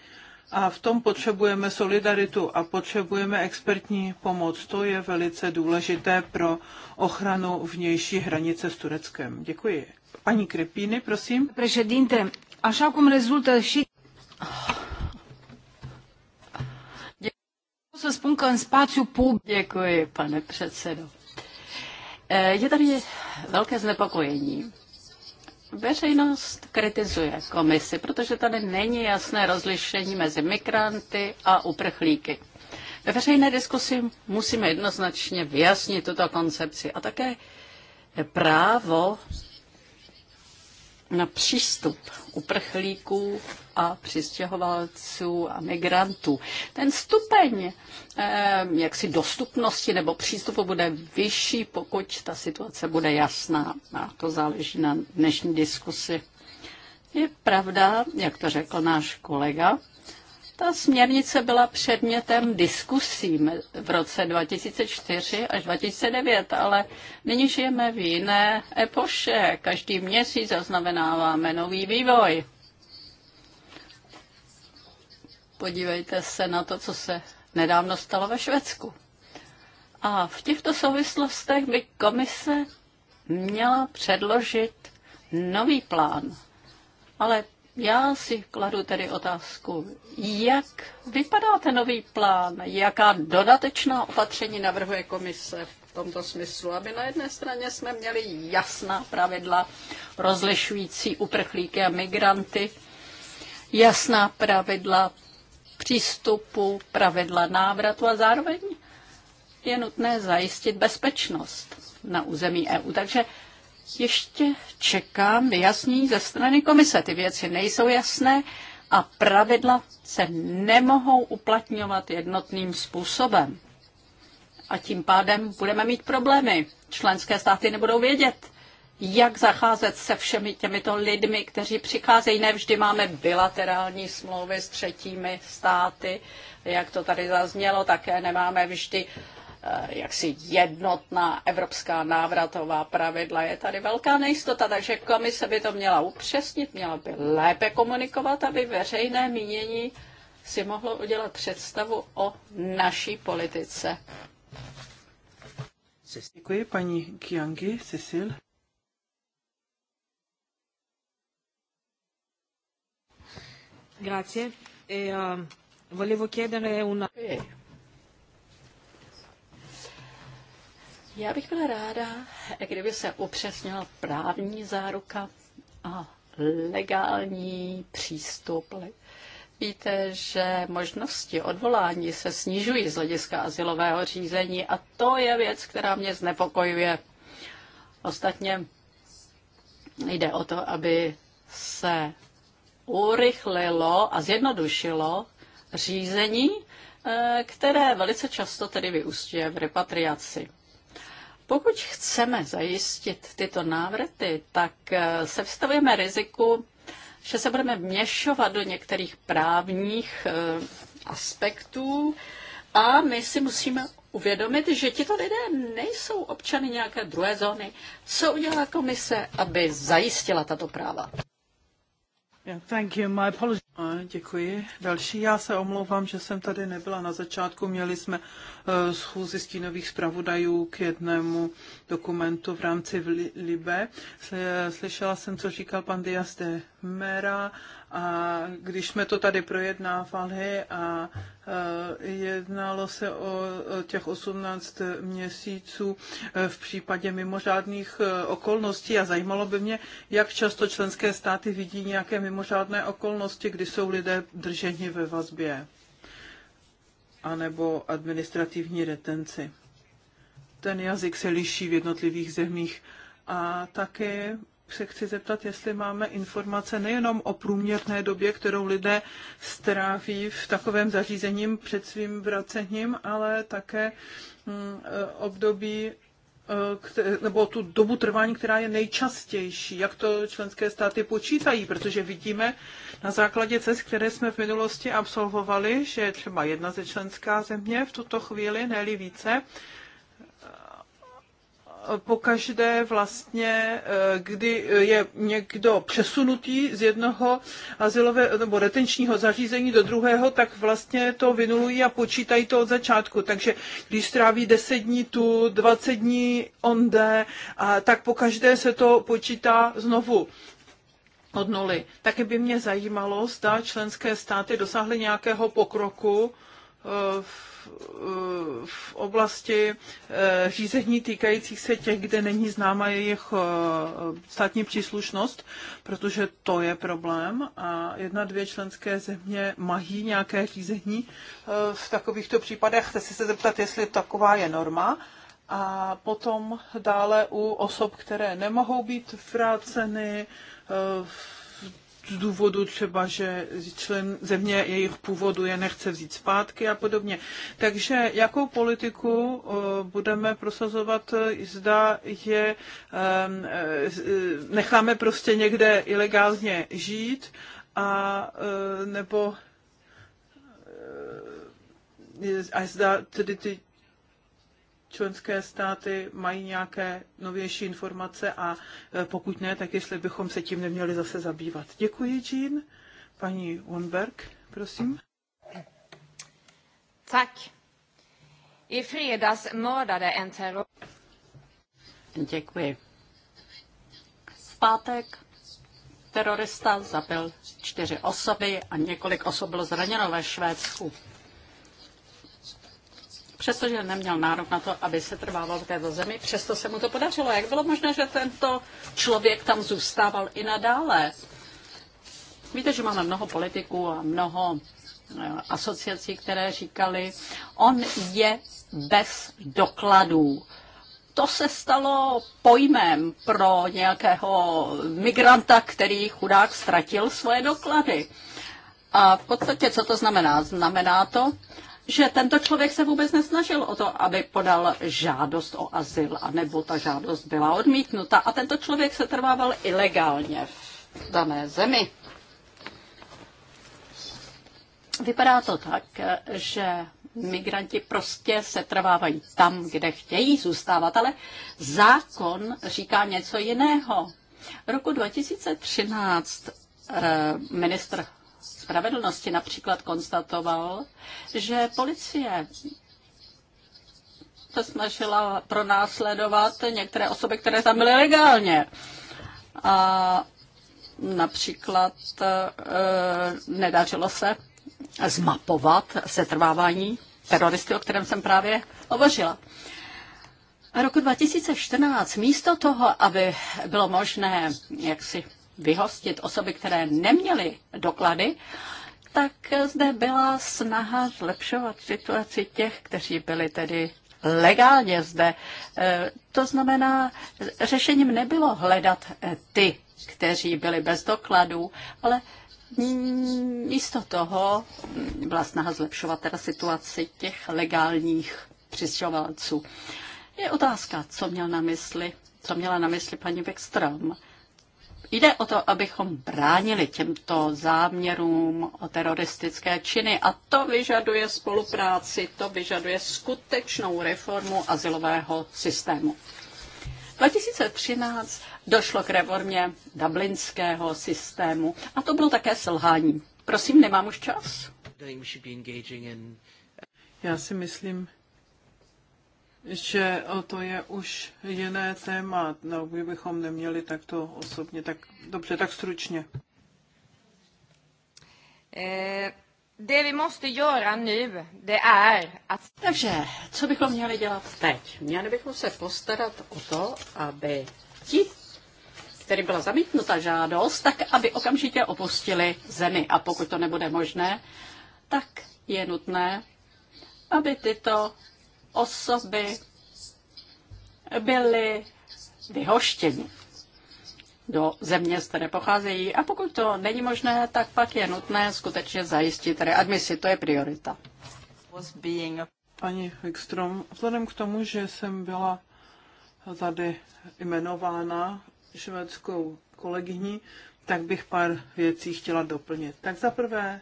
A v tom potřebujeme solidaritu a potřebujeme expertní pomoc. To je velice důležité pro ochranu vnější hranice s Tureckem. Děkuji. Paní Krepíny, prosím. Președinte, așa cum rezultă și... se că în spațiu public, pane předsedo. Eh, je tady velké znepokojení. Veřejnost kritizuje komisi, protože tady není jasné rozlišení mezi migranty a uprchlíky. Ve veřejné diskusi musíme jednoznačně vyjasnit tuto koncepci a také právo na přístup uprchlíků a přistěhovalců a migrantů. Ten stupeň eh, jaksi dostupnosti nebo přístupu bude vyšší, pokud ta situace bude jasná. A to záleží na dnešní diskusi. Je pravda, jak to řekl náš kolega, ta směrnice byla předmětem diskusí v roce 2004 až 2009, ale nyní žijeme v jiné epoše. Každý měsíc zaznamenáváme nový vývoj. Podívejte se na to, co se nedávno stalo ve Švédsku. A v těchto souvislostech by komise měla předložit nový plán. Ale já si kladu tedy otázku, jak vypadá ten nový plán, jaká dodatečná opatření navrhuje komise v tomto smyslu, aby na jedné straně jsme měli jasná pravidla rozlišující uprchlíky a migranty, jasná pravidla přístupu, pravidla návratu a zároveň je nutné zajistit bezpečnost na území EU. Takže ještě čekám vyjasnění ze strany komise. Ty věci nejsou jasné a pravidla se nemohou uplatňovat jednotným způsobem. A tím pádem budeme mít problémy. Členské státy nebudou vědět, jak zacházet se všemi těmito lidmi, kteří přicházejí. Nevždy máme bilaterální smlouvy s třetími státy, jak to tady zaznělo, také nemáme vždy Eh, jaksi jednotná evropská návratová pravidla. Je tady velká nejistota, takže komise by to měla upřesnit, měla by lépe komunikovat, aby veřejné mínění si mohlo udělat představu o naší politice. Děkuji paní Kiangi, Cecil. Grazie. E, uh, volevo chiedere una... Okay. Já bych byla ráda, kdyby se upřesnila právní záruka a legální přístup. Víte, že možnosti odvolání se snižují z hlediska asilového řízení a to je věc, která mě znepokojuje. Ostatně jde o to, aby se urychlilo a zjednodušilo řízení, eh, které velice často tedy vyústí v repatriaci. Pokud chceme zajistit tyto návraty, tak eh, se vstavujeme riziku, že se budeme měšovat do některých právních eh, aspektů a my si musíme uvědomit, že tito lidé nejsou občany nějaké druhé zóny. Co udělá komise, aby zajistila tato práva? Thank you. My apologies. Děkuji. Další, já se omlouvám, že jsem tady nebyla na začátku. Měli jsme eh, schůzi stínových zpravodajů k jednému dokumentu v rámci Libe. Slyšela jsem, co říkal pan Dias de Mera a když jsme to tady projednávali a jednalo se o těch 18 měsíců e, v případě mimořádných e, okolností a zajímalo by mě, jak často členské státy vidí nějaké mimořádné okolnosti, kdy jsou lidé drženi ve vazbě anebo administrativní retenci. Ten jazyk se liší v jednotlivých zemích a také se chci zeptat, jestli máme informace nejenom o průměrné době, kterou lidé stráví v takovém zařízením před svým vracením, ale také mm, eh, období eh, nebo tu dobu trvání, která je nejčastější, jak to členské státy počítají, protože vidíme na základě cest, které jsme v minulosti absolvovali, že třeba jedna ze členská země v tuto chvíli, ne více, pokaždé vlastně, eh, kdy je někdo přesunutý z jednoho azylové nebo retenčního zařízení do druhého, tak vlastně to vynulují a počítají to od začátku. Takže když stráví 10 dní tu, 20 dní onde, a tak pokaždé se to počítá znovu od nuly. Taky by mě zajímalo, zda členské státy dosáhly nějakého pokroku eh, v v oblasti eh, řízení týkajících se těch, kde není známa jejich eh, státní příslušnost, protože to je problém a jedna, dvě členské země mají nějaké řízení eh, v takovýchto případech. Chce si se zeptat, jestli taková je norma. A potom dále u osob, které nemohou být vráceny, v z důvodu třeba, že člen země jejich původu je nechce vzít zpátky a podobně. Takže jakou politiku eh, budeme prosazovat, zda je ehm, eh, necháme prostě někde ilegálně žít a eh, nebo a zda tedy ty členské státy mají nějaké novější informace a e, pokud ne, tak jestli bychom se tím neměli zase zabývat. Děkuji, Jean. Paní Wonberg, prosím. Tak. I fredags mördade en terror... Děkuji. V pátek terorista zabil čtyři osoby a několik osob bylo zraněno ve Švédsku přestože neměl nárok na to, aby se trvával v této zemi, přesto se mu to podařilo. Jak bylo možné, že tento člověk tam zůstával i nadále? Víte, že máme mnoho politiků a mnoho eh, asociací, které říkali, on je bez dokladů. To se stalo pojmem pro nějakého migranta, který chudák ztratil svoje doklady. A v podstatě, co to znamená? Znamená to, že tento člověk se vůbec nesnažil o to, aby podal žádost o azyl, anebo ta žádost byla odmítnuta. A tento člověk se trvával ilegálně v dané zemi. Vypadá to tak, že migranti prostě se trvávají tam, kde chtějí zůstávat, ale zákon říká něco jiného. V roku 2013 eh, ministr spravedlnosti například konstatoval, že policie se snažila pronásledovat některé osoby, které tam byly legálně. A například e, nedařilo se zmapovat setrvávání teroristy, o kterém jsem právě hovořila. A roku 2014 místo toho, aby bylo možné jaksi vyhostit osoby, které neměly doklady, tak zde byla snaha zlepšovat situaci těch, kteří byli tedy legálně zde. E, to znamená, řešením nebylo hledat e, ty, kteří byli bez dokladů, ale místo toho byla snaha zlepšovat teda situaci těch legálních přistěhovalců. Je otázka, co měl na mysli, co měla na mysli paní Beckström. Jde o to, abychom bránili těmto záměrům o teroristické činy a to vyžaduje spolupráci, to vyžaduje skutečnou reformu asilového systému. V 2013 došlo k reformě dublinského systému a to bylo také selhání. Prosím, nemám už čas. Já si myslím, že to je už jiné téma, no, bychom neměli takto osobně, tak dobře, tak stručně. Eh, Takže, co bychom měli dělat teď? Měli bychom se postarat o to, aby ti, který byla zamítnuta žádost, tak aby okamžitě opustili zemi. A pokud to nebude možné, tak je nutné, aby tyto osoby byly vyhoštěny do země, z které pocházejí. A pokud to není možné, tak pak je nutné skutečně zajistit readmisi. To je priorita. Pani Ekstrom, vzhledem k tomu, že jsem byla tady jmenována švédskou kolegyní, tak bych pár věcí chtěla doplnit. Tak za prvé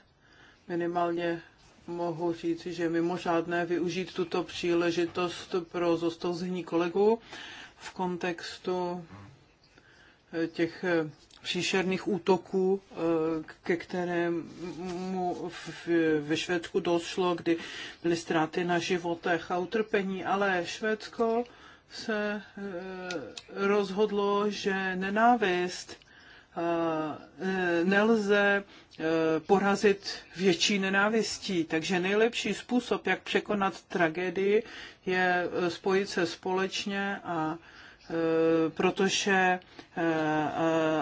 minimálně mohu říci, že je mimořádné využít tuto příležitost pro zostouzení kolegů v kontextu eh, těch eh, příšerných útoků, eh, ke kterému ve Švédsku došlo, kdy byly ztráty na životech a utrpení, ale Švédsko se rozhodlo, že nenávist E, nelze e, porazit větší nenávistí. Takže nejlepší způsob, jak překonat tragédii, je e, spojit se společně a protože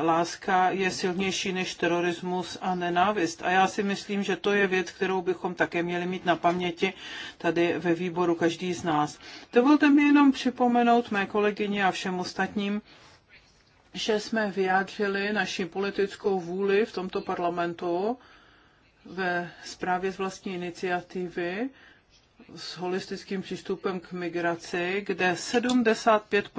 láska je silnější než terorismus a nenávist. A já si myslím, že to je věc, kterou bychom také měli mít na paměti tady ve výboru každý z nás. Dovolte mi jenom připomenout mé kolegyně a všem ostatním, že jsme vyjádřili naši politickou vůli v tomto parlamentu ve zprávě z vlastní iniciativy s holistickým přístupem k migraci, kde 75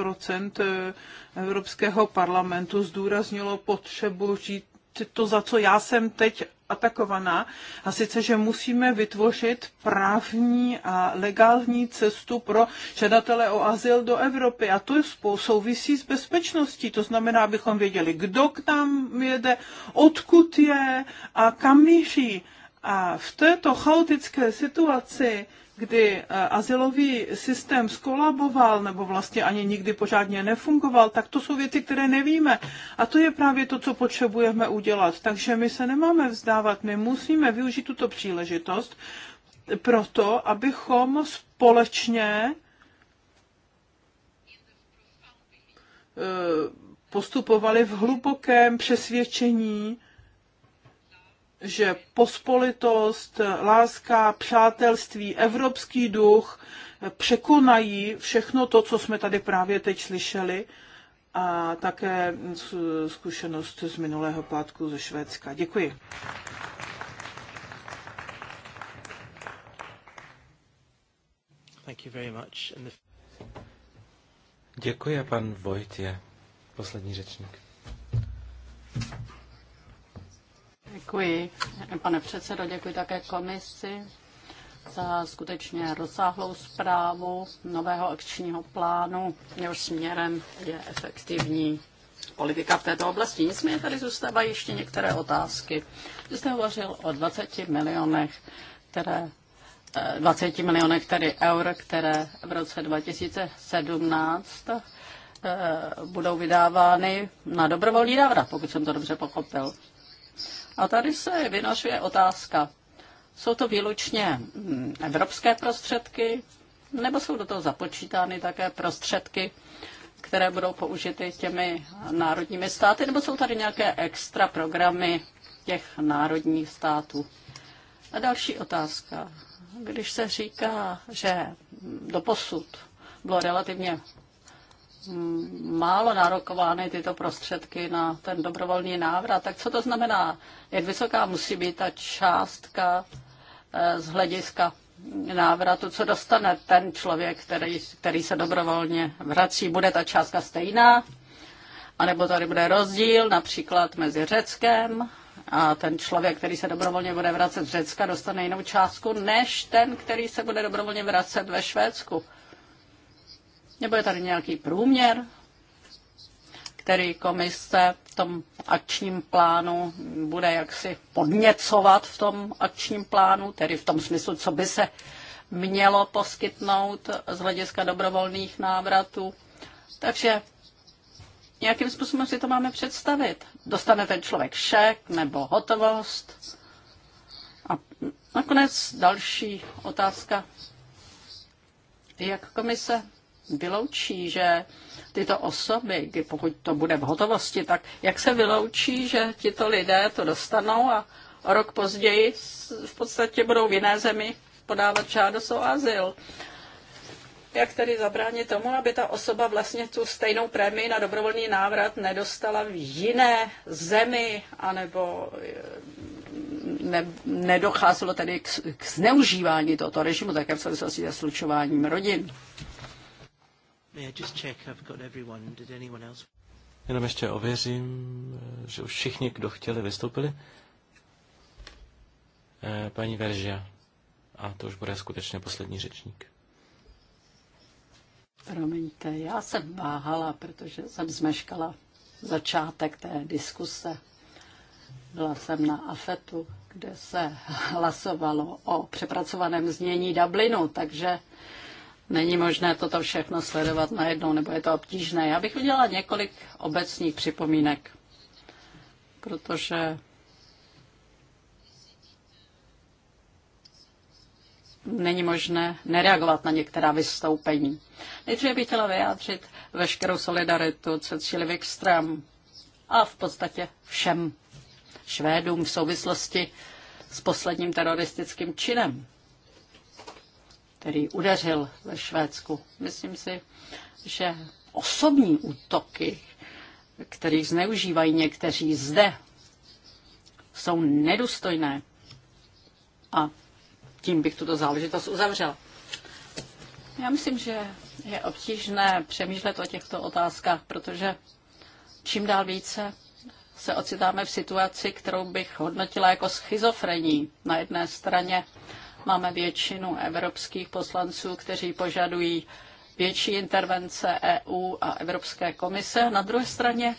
eh, evropského parlamentu zdůraznilo potřebu žít to, za co já jsem teď atakovaná, a sice, že musíme vytvořit právní a legální cestu pro žadatele o azyl do Evropy. A to souvisí s bezpečností. To znamená, abychom věděli, kdo k nám jede, odkud je a kam míří. A v této chaotické situaci kdy eh, asilový systém skolaboval nebo vlastně ani nikdy pořádně nefungoval, tak to jsou věci, které nevíme. A to je právě to, co potřebujeme udělat. Takže my se nemáme vzdávat, my musíme využít tuto příležitost proto, abychom společně eh, postupovali v hlubokém přesvědčení, že pospolitost, láska, přátelství, evropský duch překonají všechno to, co jsme tady právě teď slyšeli a také zkušenost z minulého pátku ze Švédska. Děkuji. Thank you very much. The... Děkuji pan Vojtě, poslední řečník. Děkuji, pane předsedo, děkuji také komisi za skutečně rozsáhlou zprávu nového akčního plánu. Jehož směrem je efektivní politika v této oblasti. Nicméně tady zůstávají ještě některé otázky. Vy jste hovořil o 20 milionech, které 20 eh, milionech tedy eur, které v roce 2017 eh, budou vydávány na dobrovolný návrat, pokud jsem to dobře pochopil. A tady se vynašuje otázka, jsou to výlučně mm, evropské prostředky, nebo jsou do toho započítány také prostředky, které budou použity těmi národními státy, nebo jsou tady nějaké extra programy těch národních států. A další otázka. Když se říká, že do posud bylo relativně Mm, málo nárokovány tyto prostředky na ten dobrovolný návrat. Tak co to znamená? Jak vysoká musí být ta částka eh, z hlediska návratu, co dostane ten člověk, který, který se dobrovolně vrací? Bude ta částka stejná? A nebo tady bude rozdíl například mezi Řeckem a ten člověk, který se dobrovolně bude vracet z Řecka, dostane jinou částku než ten, který se bude dobrovolně vracet ve Švédsku. Nebo je tady nějaký průměr, který komise v tom akčním plánu bude jaksi podněcovat v tom akčním plánu, tedy v tom smyslu, co by se mělo poskytnout z hlediska dobrovolných návratů. Takže nějakým způsobem si to máme představit. Dostane ten člověk šek nebo hotovost. A nakonec další otázka. Jak komise vyloučí, že tyto osoby, pokud to bude v hotovosti, tak jak se vyloučí, že tito lidé to dostanou a rok později v podstatě budou v jiné zemi podávat žádost o azyl. Jak tedy zabránit tomu, aby ta osoba vlastně tu stejnou prémii na dobrovolný návrat nedostala v jiné zemi, anebo eh, ne, nedocházelo tedy k, k zneužívání tohoto režimu, také v souvislosti se slučováním rodin. Jenom ještě ověřím, eh, že už všichni, kdo chtěli, vystoupili. Eh, paní Veržia. A to už bude skutečně poslední řečník. Promiňte, já jsem váhala, protože jsem zmeškala začátek té diskuse. Byla jsem na AFETu, kde se hlasovalo o přepracovaném znění Dublinu, takže Není možné toto všechno sledovat najednou, nebo je to obtížné. Já bych udělala několik obecných připomínek, protože není možné nereagovat na některá vystoupení. Nejdříve bych chtěla vyjádřit veškerou solidaritu Cecily Wikström a v podstatě všem Švédům v souvislosti s posledním teroristickým činem který udeřil ve Švédsku. Myslím si, že osobní útoky, kterých zneužívají někteří zde, jsou nedůstojné. A tím bych tuto záležitost uzavřela. Já myslím, že je obtížné přemýšlet o těchto otázkách, protože čím dál více se ocitáme v situaci, kterou bych hodnotila jako schizofrení. Na jedné straně Máme většinu evropských poslanců, kteří požadují větší intervence EU a Evropské komise. Na druhé straně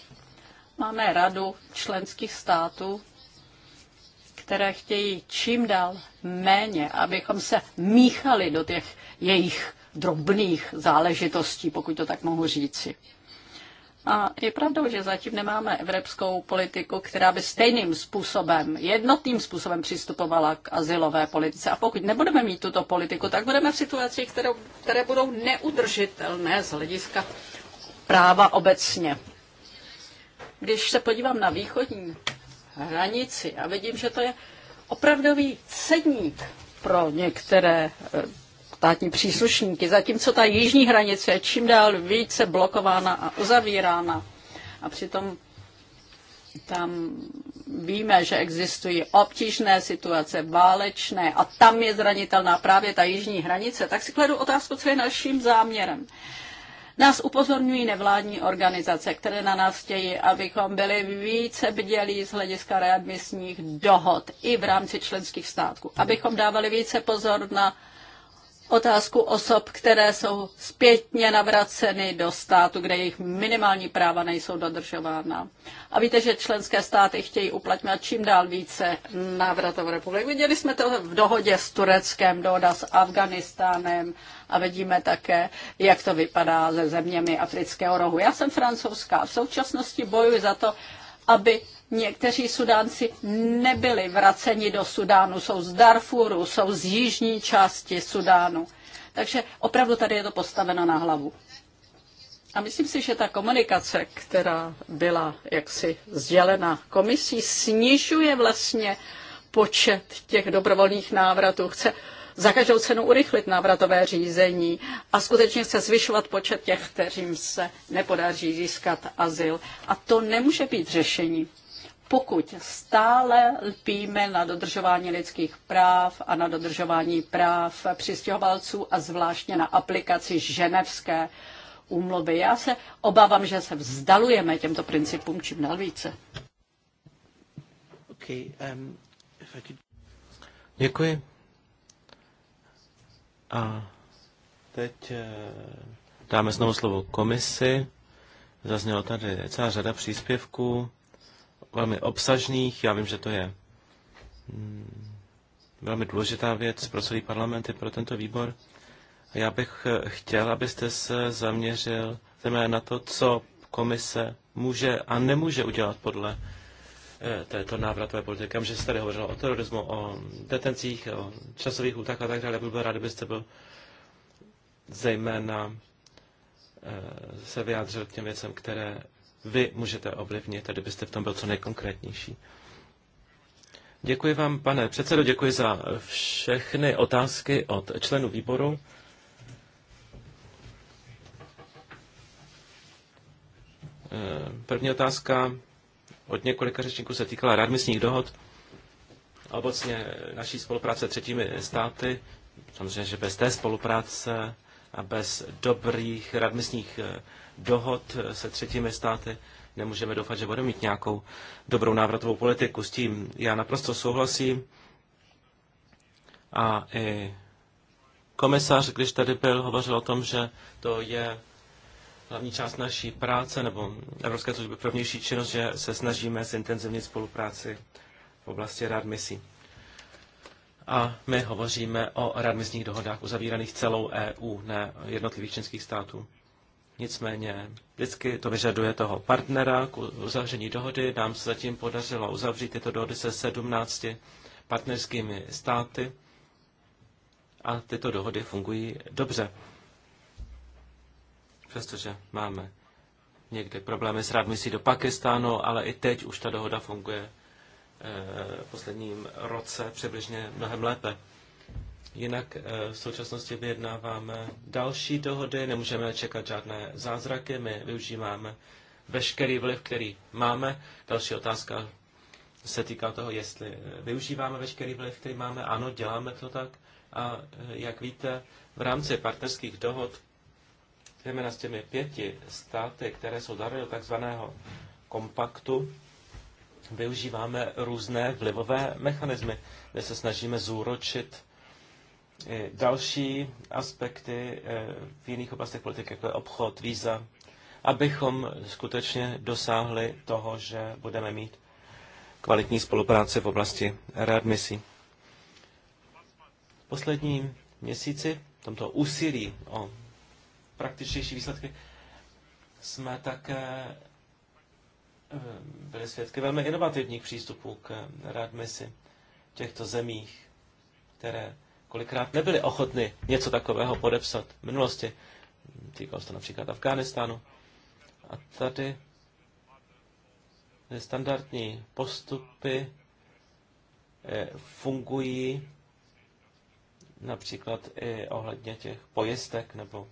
máme radu členských států, které chtějí čím dál méně, abychom se míchali do těch jejich drobných záležitostí, pokud to tak mohu říci. A je pravdou, že zatím nemáme evropskou politiku, která by stejným způsobem, jednotným způsobem přistupovala k asilové politice. A pokud nebudeme mít tuto politiku, tak budeme v situacích, které, které budou neudržitelné z hlediska práva obecně. Když se podívám na východní hranici a vidím, že to je opravdový cedník pro některé eh, státní příslušníky, zatímco ta jižní hranice je čím dál více blokována a uzavírána. A přitom tam víme, že existují obtížné situace, válečné a tam je zranitelná právě ta jižní hranice, tak si kladu otázku, co je naším záměrem. Nás upozorňují nevládní organizace, které na nás chtějí, abychom byli více bdělí z hlediska readmisních dohod i v rámci členských států, abychom dávali více pozor na otázku osob, které jsou zpětně navraceny do státu, kde jejich minimální práva nejsou dodržována. A víte, že členské státy chtějí uplatňovat čím dál více návratovou republiku. Viděli jsme to v dohodě s Tureckem, dohoda s Afganistánem a vidíme také, jak to vypadá se zeměmi afrického rohu. Já jsem francouzská a v současnosti bojuji za to, aby Někteří Sudánci nebyli vraceni do Sudánu, jsou z Darfuru, jsou z jižní části Sudánu. Takže opravdu tady je to postaveno na hlavu. A myslím si, že ta komunikace, která byla jaksi sdělena komisí, snižuje vlastně počet těch dobrovolných návratů. Chce za každou cenu urychlit návratové řízení a skutečně chce zvyšovat počet těch, kterým se nepodaří získat azyl. A to nemůže být řešení pokud stále lpíme na dodržování lidských práv a na dodržování práv přistěhovalců a zvláště na aplikaci ženevské úmluvy. Já se obávám, že se vzdalujeme těmto principům čím dál více. Okay, um, could... Děkuji. A teď eh, dáme znovu slovo komisi. Zaznělo tady celá řada příspěvků velmi obsažných. Já vím, že to je mm, velmi důležitá věc pro celý parlament i pro tento výbor. A já bych eh, chtěl, abyste se zaměřil zejména na to, co komise může a nemůže udělat podle eh, této návratové politiky. Já že se tady hovořilo o terorismu, o detencích, o časových útách a tak dále. byl bych rád, kdybyste byl zejména eh, se vyjádřil k těm věcem, které vy můžete ovlivnit, tady byste v tom byl co nejkonkrétnější. Děkuji vám, pane předsedo, děkuji za všechny otázky od členů výboru. Eh, první otázka od několika řečníků se týkala rádmisních dohod a obecně naší spolupráce s třetími státy. Samozřejmě, že bez té spolupráce a bez dobrých radmisních eh, dohod se třetími státy, nemůžeme doufat, že budeme mít nějakou dobrou návratovou politiku. S tím já naprosto souhlasím. A i komisař, když tady byl, hovořil o tom, že to je hlavní část naší práce nebo Evropské služby pro vnější činnost, že se snažíme zintenzivnit spolupráci v oblasti rád misí. A my hovoříme o radmisních dohodách uzavíraných celou EU, ne jednotlivých členských států. Nicméně vždycky to vyžaduje toho partnera k uzavření dohody. Nám se zatím podařilo uzavřít tyto dohody se 17 partnerskými státy a tyto dohody fungují dobře. Přestože máme někdy problémy s readmisí do Pakistánu, ale i teď už ta dohoda funguje eh, v posledním roce přibližně mnohem lépe. Jinak eh, v současnosti vyjednáváme další dohody, nemůžeme čekat žádné zázraky, my využíváme veškerý vliv, který máme. Další otázka se týká toho, jestli eh, využíváme veškerý vliv, který máme. Ano, děláme to tak. A eh, jak víte, v rámci partnerských dohod, zejména s těmi pěti státy, které jsou zároveň takzvaného kompaktu, využíváme různé vlivové mechanismy, kde se snažíme zúročit i další aspekty eh, v jiných oblastech politiky, jako je obchod, víza, abychom skutečně dosáhli toho, že budeme mít kvalitní spolupráci v oblasti readmisí. V posledním měsíci, v tomto úsilí o praktičtější výsledky, jsme také eh, byli svědky velmi inovativních přístupů k readmisi v těchto zemích, které kolikrát nebyli ochotny něco takového podepsat v minulosti. Týkalo se to například Afghánistánu. A tady standardní postupy eh, fungují například i ohledně těch pojistek nebo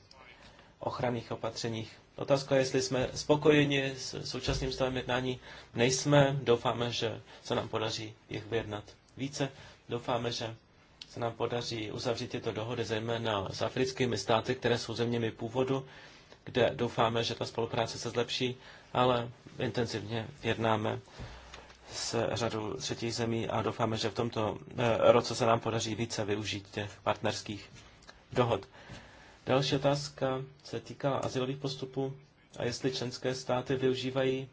ochranných opatřeních. Otázka je, jestli jsme spokojeni s současným stavem jednání. Nejsme, doufáme, že se nám podaří jich vyjednat více. Doufáme, že se nám podaří uzavřít tyto dohody, zejména s africkými státy, které jsou zeměmi původu, kde doufáme, že ta spolupráce se zlepší, ale intenzivně jednáme s řadou třetích zemí a doufáme, že v tomto eh, roce se nám podaří více využít těch partnerských dohod. Další otázka se týká asilových postupů a jestli členské státy využívají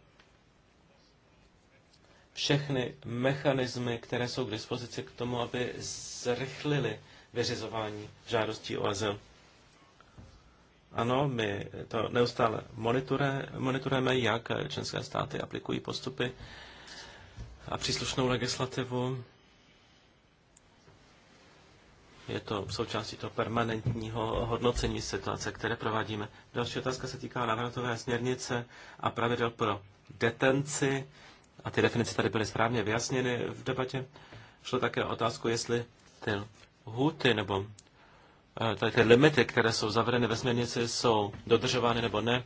všechny mechanismy, které jsou k dispozici k tomu, aby zrychlili vyřizování žádostí o azyl. Ano, my to neustále monitorujeme, jak členské státy aplikují postupy a příslušnou legislativu. Je to součástí toho permanentního hodnocení situace, které provádíme. Další otázka se týká návratové směrnice a pravidel pro detenci a ty definice tady byly správně vyjasněny v debatě, šlo také o otázku, jestli ty huty nebo eh, tady ty limity, které jsou zavedeny ve směrnici, jsou dodržovány nebo ne.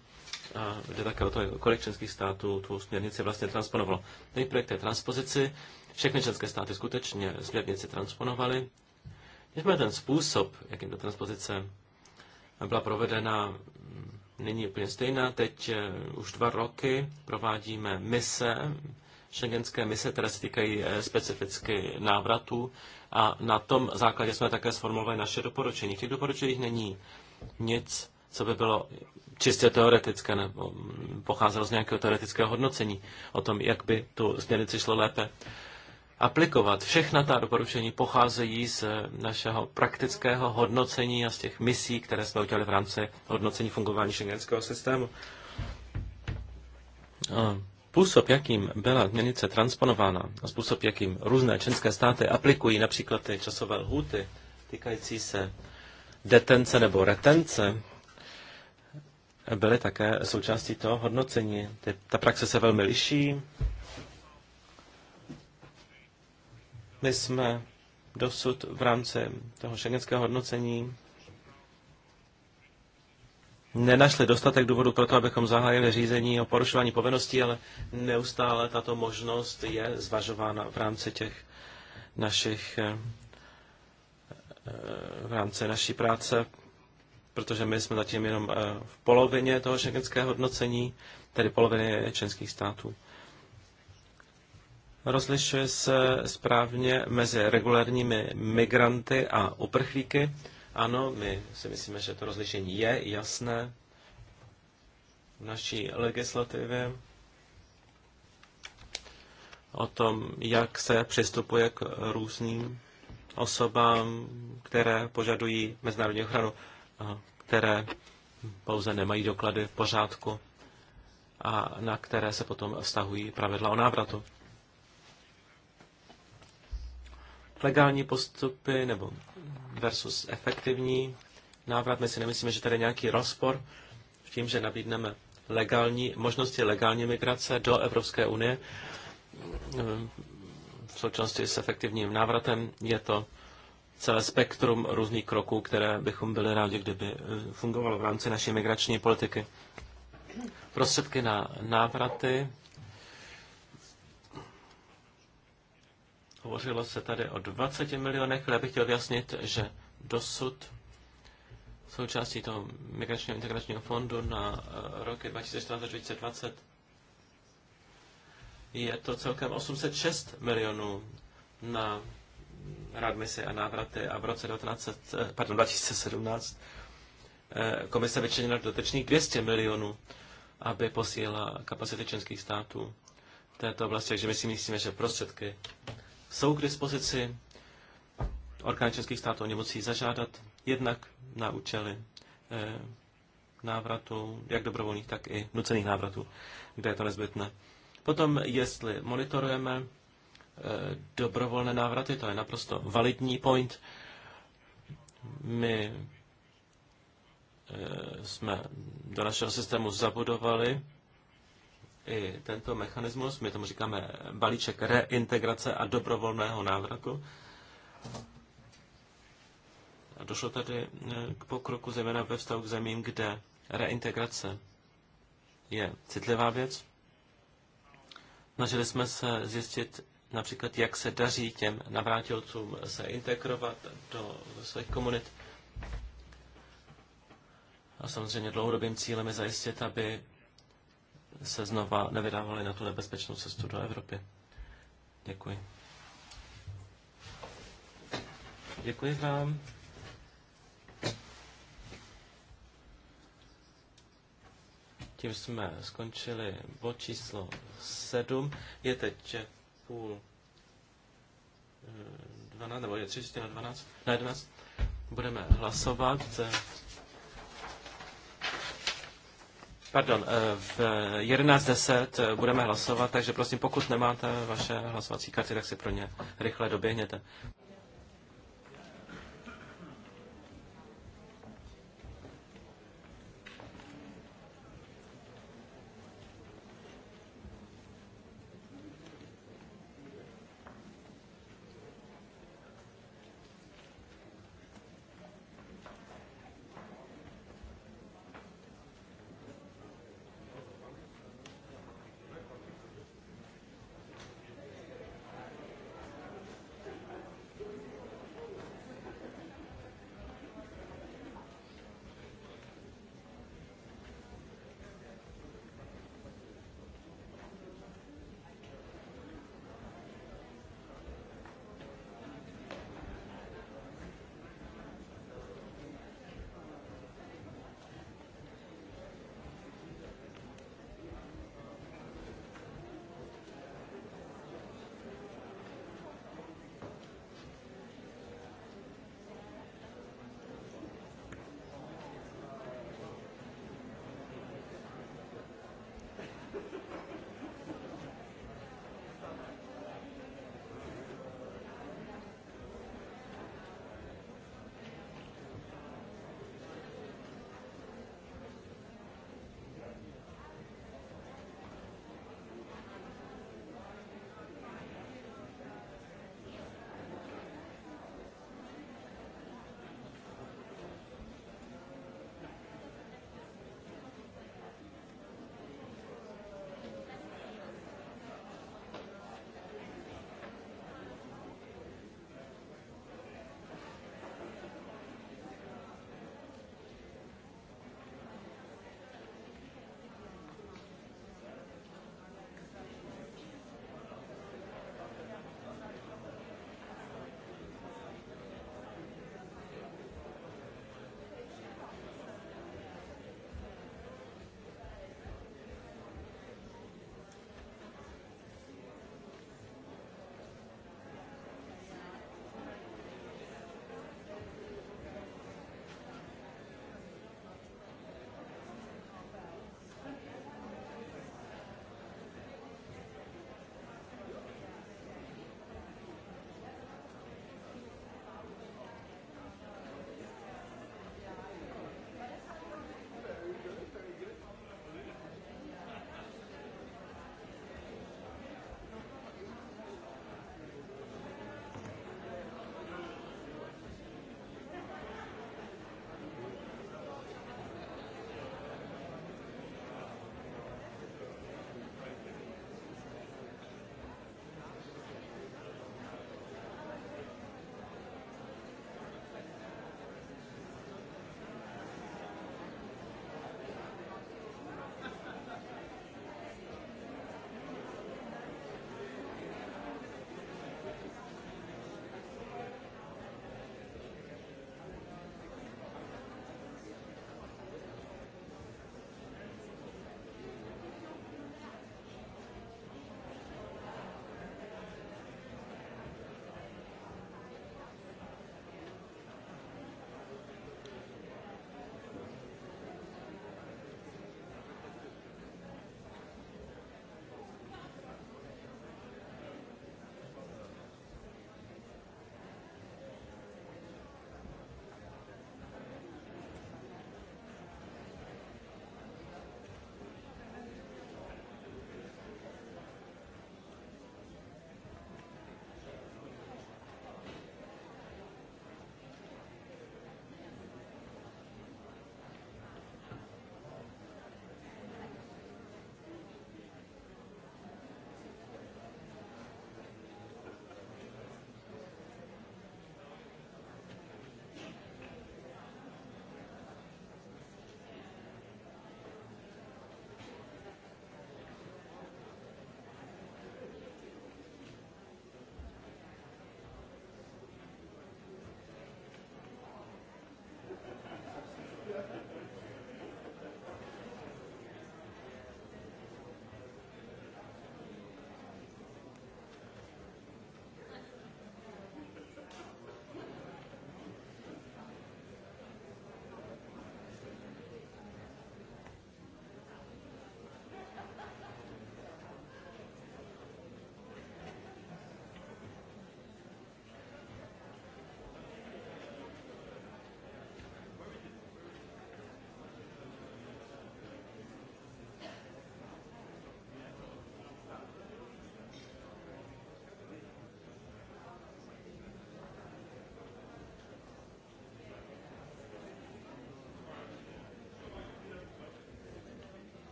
A jde také o to, kolik členských států tu směrnici vlastně transponovalo. Nejprve k té transpozici. Všechny členské státy skutečně směrnici transponovaly. Nicméně ten způsob, jakým ta transpozice byla provedena, mm, není úplně stejná. Teď eh, už dva roky provádíme mise šengenské mise, které se týkají eh, specificky návratu a na tom základě jsme také sformulovali naše doporučení. V těch doporučeních není nic, co by bylo čistě teoretické nebo mm, pocházelo z nějakého teoretického hodnocení o tom, jak by tu směrnici šlo lépe aplikovat. Všechna ta doporučení pocházejí z eh, našeho praktického hodnocení a z těch misí, které jsme udělali v rámci hodnocení fungování šengenského systému. Způsob, jakým byla změnice transponována a způsob, jakým různé členské státy aplikují například ty časové lhuty týkající se detence nebo retence, byly také součástí toho hodnocení. Ty, ta praxe se velmi liší. My jsme dosud v rámci toho šengenského hodnocení nenašli dostatek důvodu pro to, abychom zahájili řízení o porušování povinností, ale neustále tato možnost je zvažována v rámci těch našich eh, eh, v rámci naší práce, protože my jsme zatím jenom eh, v polovině toho šengenského hodnocení, tedy poloviny členských států. Rozlišuje se správně mezi regulárními migranty a uprchlíky. Ano, my si myslíme, že to rozlišení je jasné v naší legislativě o tom, jak se přistupuje k různým osobám, které požadují mezinárodní ochranu, které pouze nemají doklady v pořádku a na které se potom vztahují pravidla o návratu. Legální postupy nebo versus efektivní návrat. My si nemyslíme, že tady je nějaký rozpor v tím, že nabídneme legální, možnosti legální migrace do Evropské unie. V součinnosti s efektivním návratem je to celé spektrum různých kroků, které bychom byli rádi, kdyby eh, fungovalo v rámci naší migrační politiky. Prostředky na návraty Hovořilo se tady o 20 milionech, ale já bych chtěl vyjasnit, že dosud součástí toho migračního integračního fondu na eh, roky 2014-2020 je to celkem 806 milionů na radmisy a návraty a v roce 19, eh, pardon, 2017 eh, komise vyčlenila dotečných 200 milionů, aby posílila kapacity členských států v této oblasti, takže my si myslíme, že prostředky jsou k dispozici. Orgány českých států o musí zažádat jednak na účely eh, návratu, jak dobrovolných, tak i nucených návratů, kde je to nezbytné. Potom, jestli monitorujeme eh, dobrovolné návraty, to je naprosto validní point. My eh, jsme do našeho systému zabudovali i tento mechanismus, my tomu říkáme balíček reintegrace a dobrovolného návratu. A došlo tady e, k pokroku zejména ve vztahu k zemím, kde reintegrace je citlivá věc. Snažili jsme se zjistit například, jak se daří těm navrátilcům se integrovat do svých komunit. A samozřejmě dlouhodobým cílem je zajistit, aby se znova nevydávali na tu nebezpečnou cestu do Evropy. Děkuji. Děkuji vám. Tím jsme skončili bod číslo 7. Je teď půl 12, eh, nebo je 3, na 12, na 11. Budeme hlasovat. Pardon, eh, v 11.10 eh, budeme hlasovat, takže prosím, pokud nemáte vaše hlasovací karty, tak si pro ně rychle doběhněte.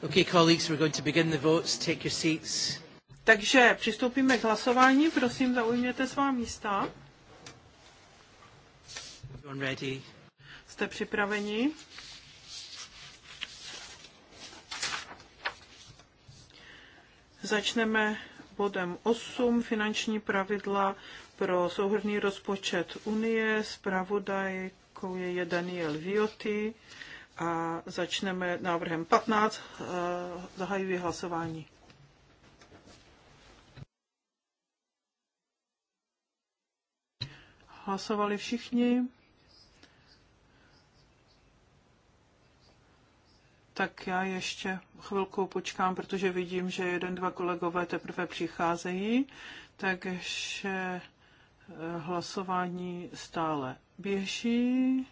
Okay, colleagues, we're going to begin the votes. Take your seats. Takže přistoupíme k hlasování. Prosím, zaujměte svá místa. ready? Jste připraveni? Začneme bodem 8, finanční pravidla pro souhrný rozpočet Unie. Zpravodajkou je Daniel Vioty. A začneme návrhem 15. Eh, zahajuji hlasování. Hlasovali všichni. tak já ještě chvilku počkám, protože vidím, že jeden, dva kolegové teprve přicházejí, takže eh, hlasování stále běží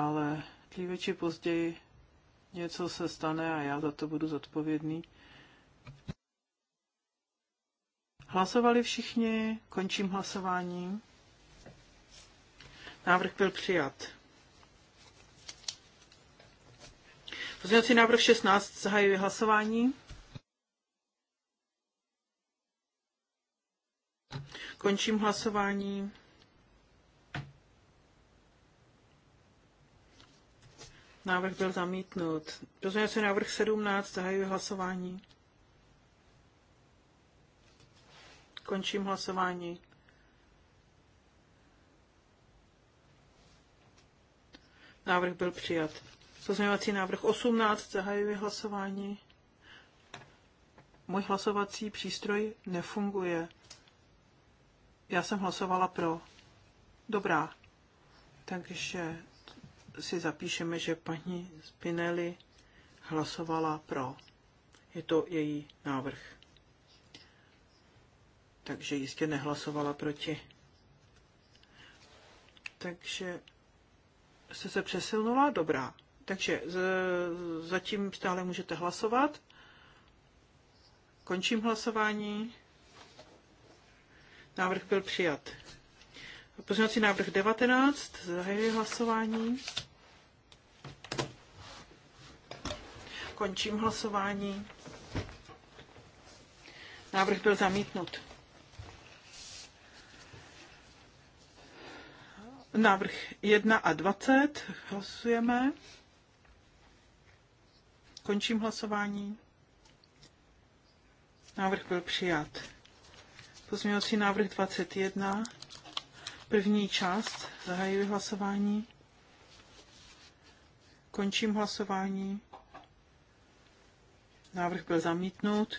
ale dříve či později něco se stane a já za to budu zodpovědný. Hlasovali všichni, končím hlasování. Návrh byl přijat. Pozměňovací návrh 16 zahajuje hlasování. Končím hlasování. Návrh byl zamítnut. Pozměňovací návrh 17. Zahajuji hlasování. Končím hlasování. Návrh byl přijat. Pozměňovací návrh 18. Zahajuji hlasování. Můj hlasovací přístroj nefunguje. Já jsem hlasovala pro. Dobrá. Takže si zapíšeme, že paní Spinelli hlasovala pro. Je to její návrh. Takže jistě nehlasovala proti. Takže jste se přesilnula? Dobrá. Takže z, zatím stále můžete hlasovat. Končím hlasování. Návrh byl přijat. Pozměňovací návrh 19, zahajuji hlasování. Končím hlasování. Návrh byl zamítnut. Návrh 1 a 20 hlasujeme. Končím hlasování. Návrh byl přijat. Pozměňovací návrh 21. První část, zahajuji hlasování. Končím hlasování. Návrh byl zamítnut.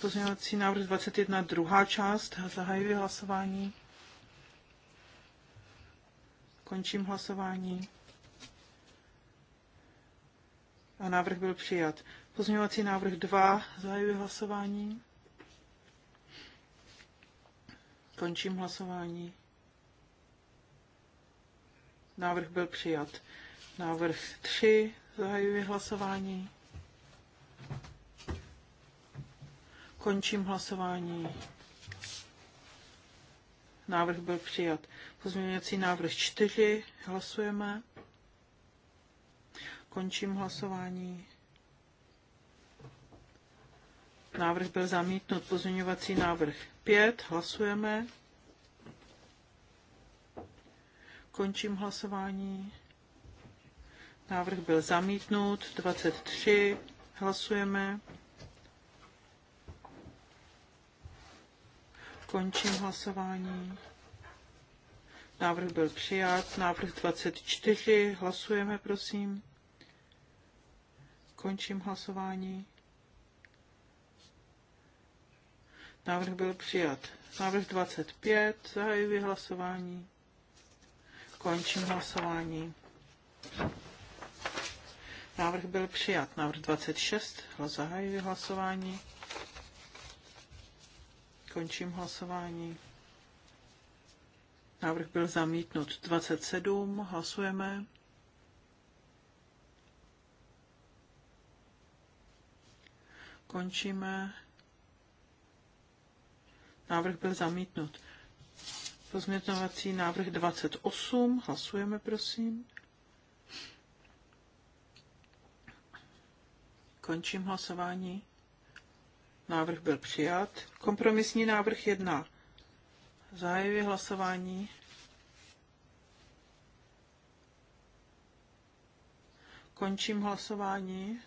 Pozměňovací návrh 21, druhá část, zahajuji hlasování. Končím hlasování. A návrh byl přijat. Pozměňovací návrh 2, zahajuji hlasování. Končím hlasování. Návrh byl přijat. Návrh 3. Zahajuji hlasování. Končím hlasování. Návrh byl přijat. Pozměňovací návrh 4. Hlasujeme. Končím hlasování. Návrh byl zamítnut. Pozměňovací návrh 5. Hlasujeme. Končím hlasování. Návrh byl zamítnut. 23. Hlasujeme. Končím hlasování. Návrh byl přijat. Návrh 24. Hlasujeme, prosím. Končím hlasování. Návrh byl přijat. Návrh 25. Zahajuji hlasování. Končím hlasování. Návrh byl přijat. Návrh 26. Zahajuji hlasování. Končím hlasování. Návrh byl zamítnut. 27. Hlasujeme. Končíme. Návrh byl zamítnut. Pozměňovací návrh 28. Hlasujeme, prosím. Končím hlasování. Návrh byl přijat. Kompromisní návrh 1. Zahajuji hlasování. Končím hlasování.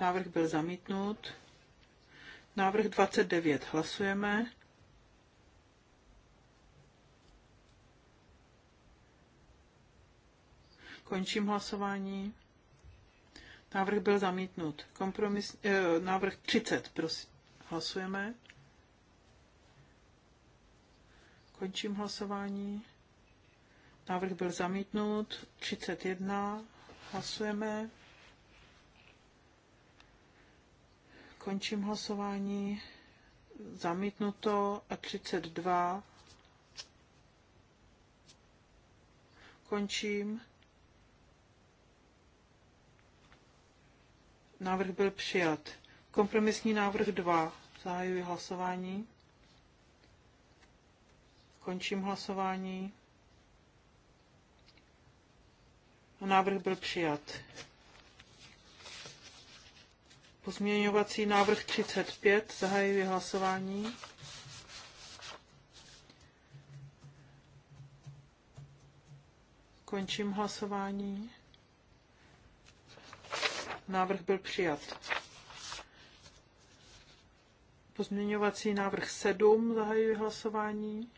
Návrh byl zamítnut. Návrh 29. Hlasujeme. Končím hlasování. Návrh byl zamítnut. Kompromis, eh, návrh 30, prosím. Hlasujeme. Končím hlasování. Návrh byl zamítnut. 31. Hlasujeme. Končím hlasování. Zamítnuto. A 32. Končím. Návrh byl přijat. Kompromisní návrh 2. Zahajuji hlasování. Končím hlasování. Návrh byl přijat. Pozměňovací návrh 35. Zahajuji hlasování. Končím hlasování. Návrh byl přijat. Pozměňovací návrh 7. Zahajuji hlasování.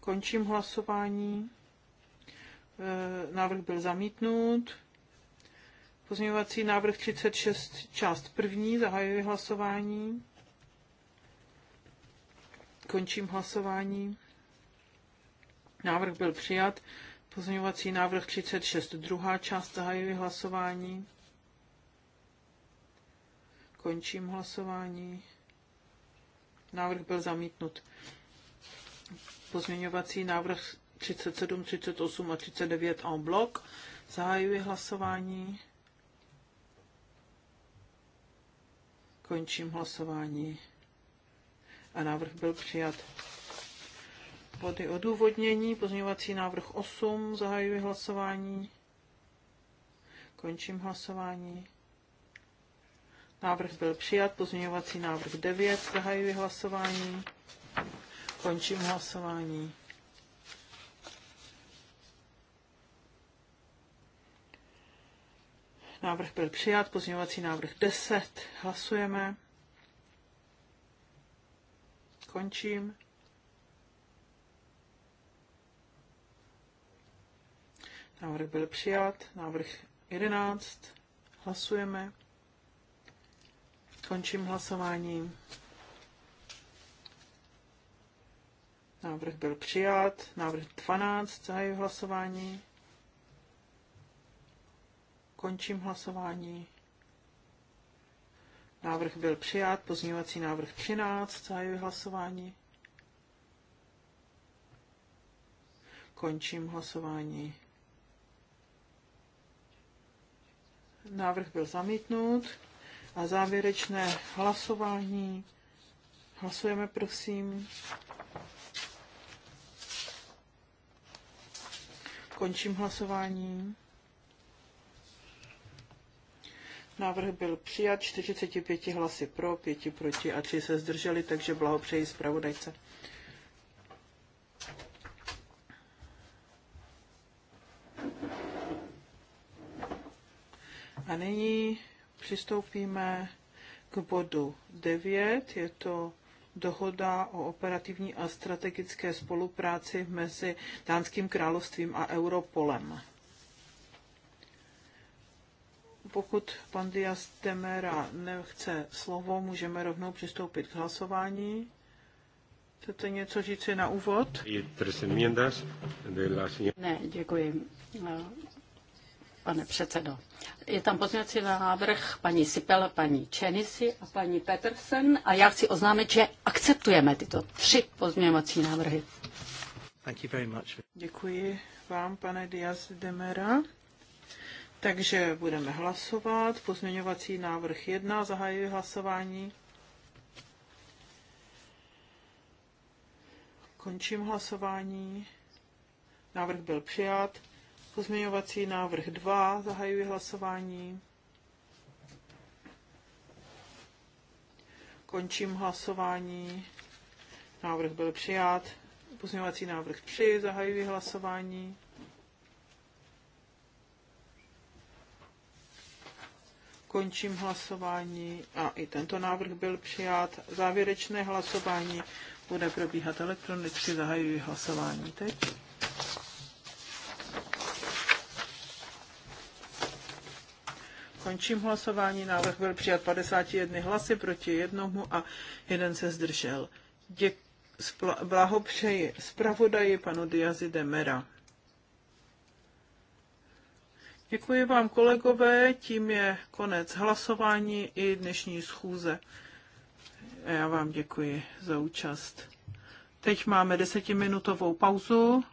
Končím hlasování. E, návrh byl zamítnut. Pozměňovací návrh 36, část první, zahajuji hlasování. Končím hlasování. Návrh byl přijat. Pozměňovací návrh 36, druhá část, zahajuji hlasování. Končím hlasování. Návrh byl zamítnut. Pozměňovací návrh 37, 38 a 39 en blok. Zahajuji hlasování. Končím hlasování. A návrh byl přijat body odůvodnění, pozměňovací návrh 8, zahajuji hlasování, končím hlasování. Návrh byl přijat, pozměňovací návrh 9, zahajuji hlasování, končím hlasování. Návrh byl přijat, pozměňovací návrh 10, hlasujeme. Končím. Návrh byl přijat. Návrh 11. Hlasujeme. Končím hlasování. Návrh byl přijat. Návrh 12. Zahajuji hlasování. Končím hlasování. Návrh byl přijat. Pozměňovací návrh 13. Zahajuji hlasování. Končím hlasování. Návrh byl zamítnut. A závěrečné hlasování. Hlasujeme, prosím. Končím hlasování. Návrh byl přijat 45 hlasy pro, 5 proti a 3 se zdrželi, takže blahopřeji zpravodajce. A nyní přistoupíme k bodu 9. Je to dohoda o operativní a strategické spolupráci mezi Dánským královstvím a Europolem. Pokud pan Dias Temera nechce slovo, můžeme rovnou přistoupit k hlasování. Chcete něco si na úvod? Ne, děkuji pane předsedo. Je tam pozměňovací návrh paní Sipel, paní Čenisi a paní Petersen a já chci oznámit, že akceptujeme tyto tři pozměňovací návrhy. Thank you very much. Děkuji vám, pane Diaz Demera. Takže budeme hlasovat. Pozměňovací návrh 1, zahajuji hlasování. Končím hlasování. Návrh byl přijat. Pozměňovací návrh 2. Zahajuji hlasování. Končím hlasování. Návrh byl přijat. Pozměňovací návrh 3. Zahajuji hlasování. Končím hlasování a i tento návrh byl přijat. Závěrečné hlasování bude probíhat elektronicky. Zahajuji hlasování teď. Končím hlasování. Návrh byl přijat 51 hlasy proti jednomu a jeden se zdržel. Děk, spla, blahopřeji zpravodaji panu Diazi de Mera. Děkuji vám, kolegové. Tím je konec hlasování i dnešní schůze. A já vám děkuji za účast. Teď máme desetiminutovou pauzu.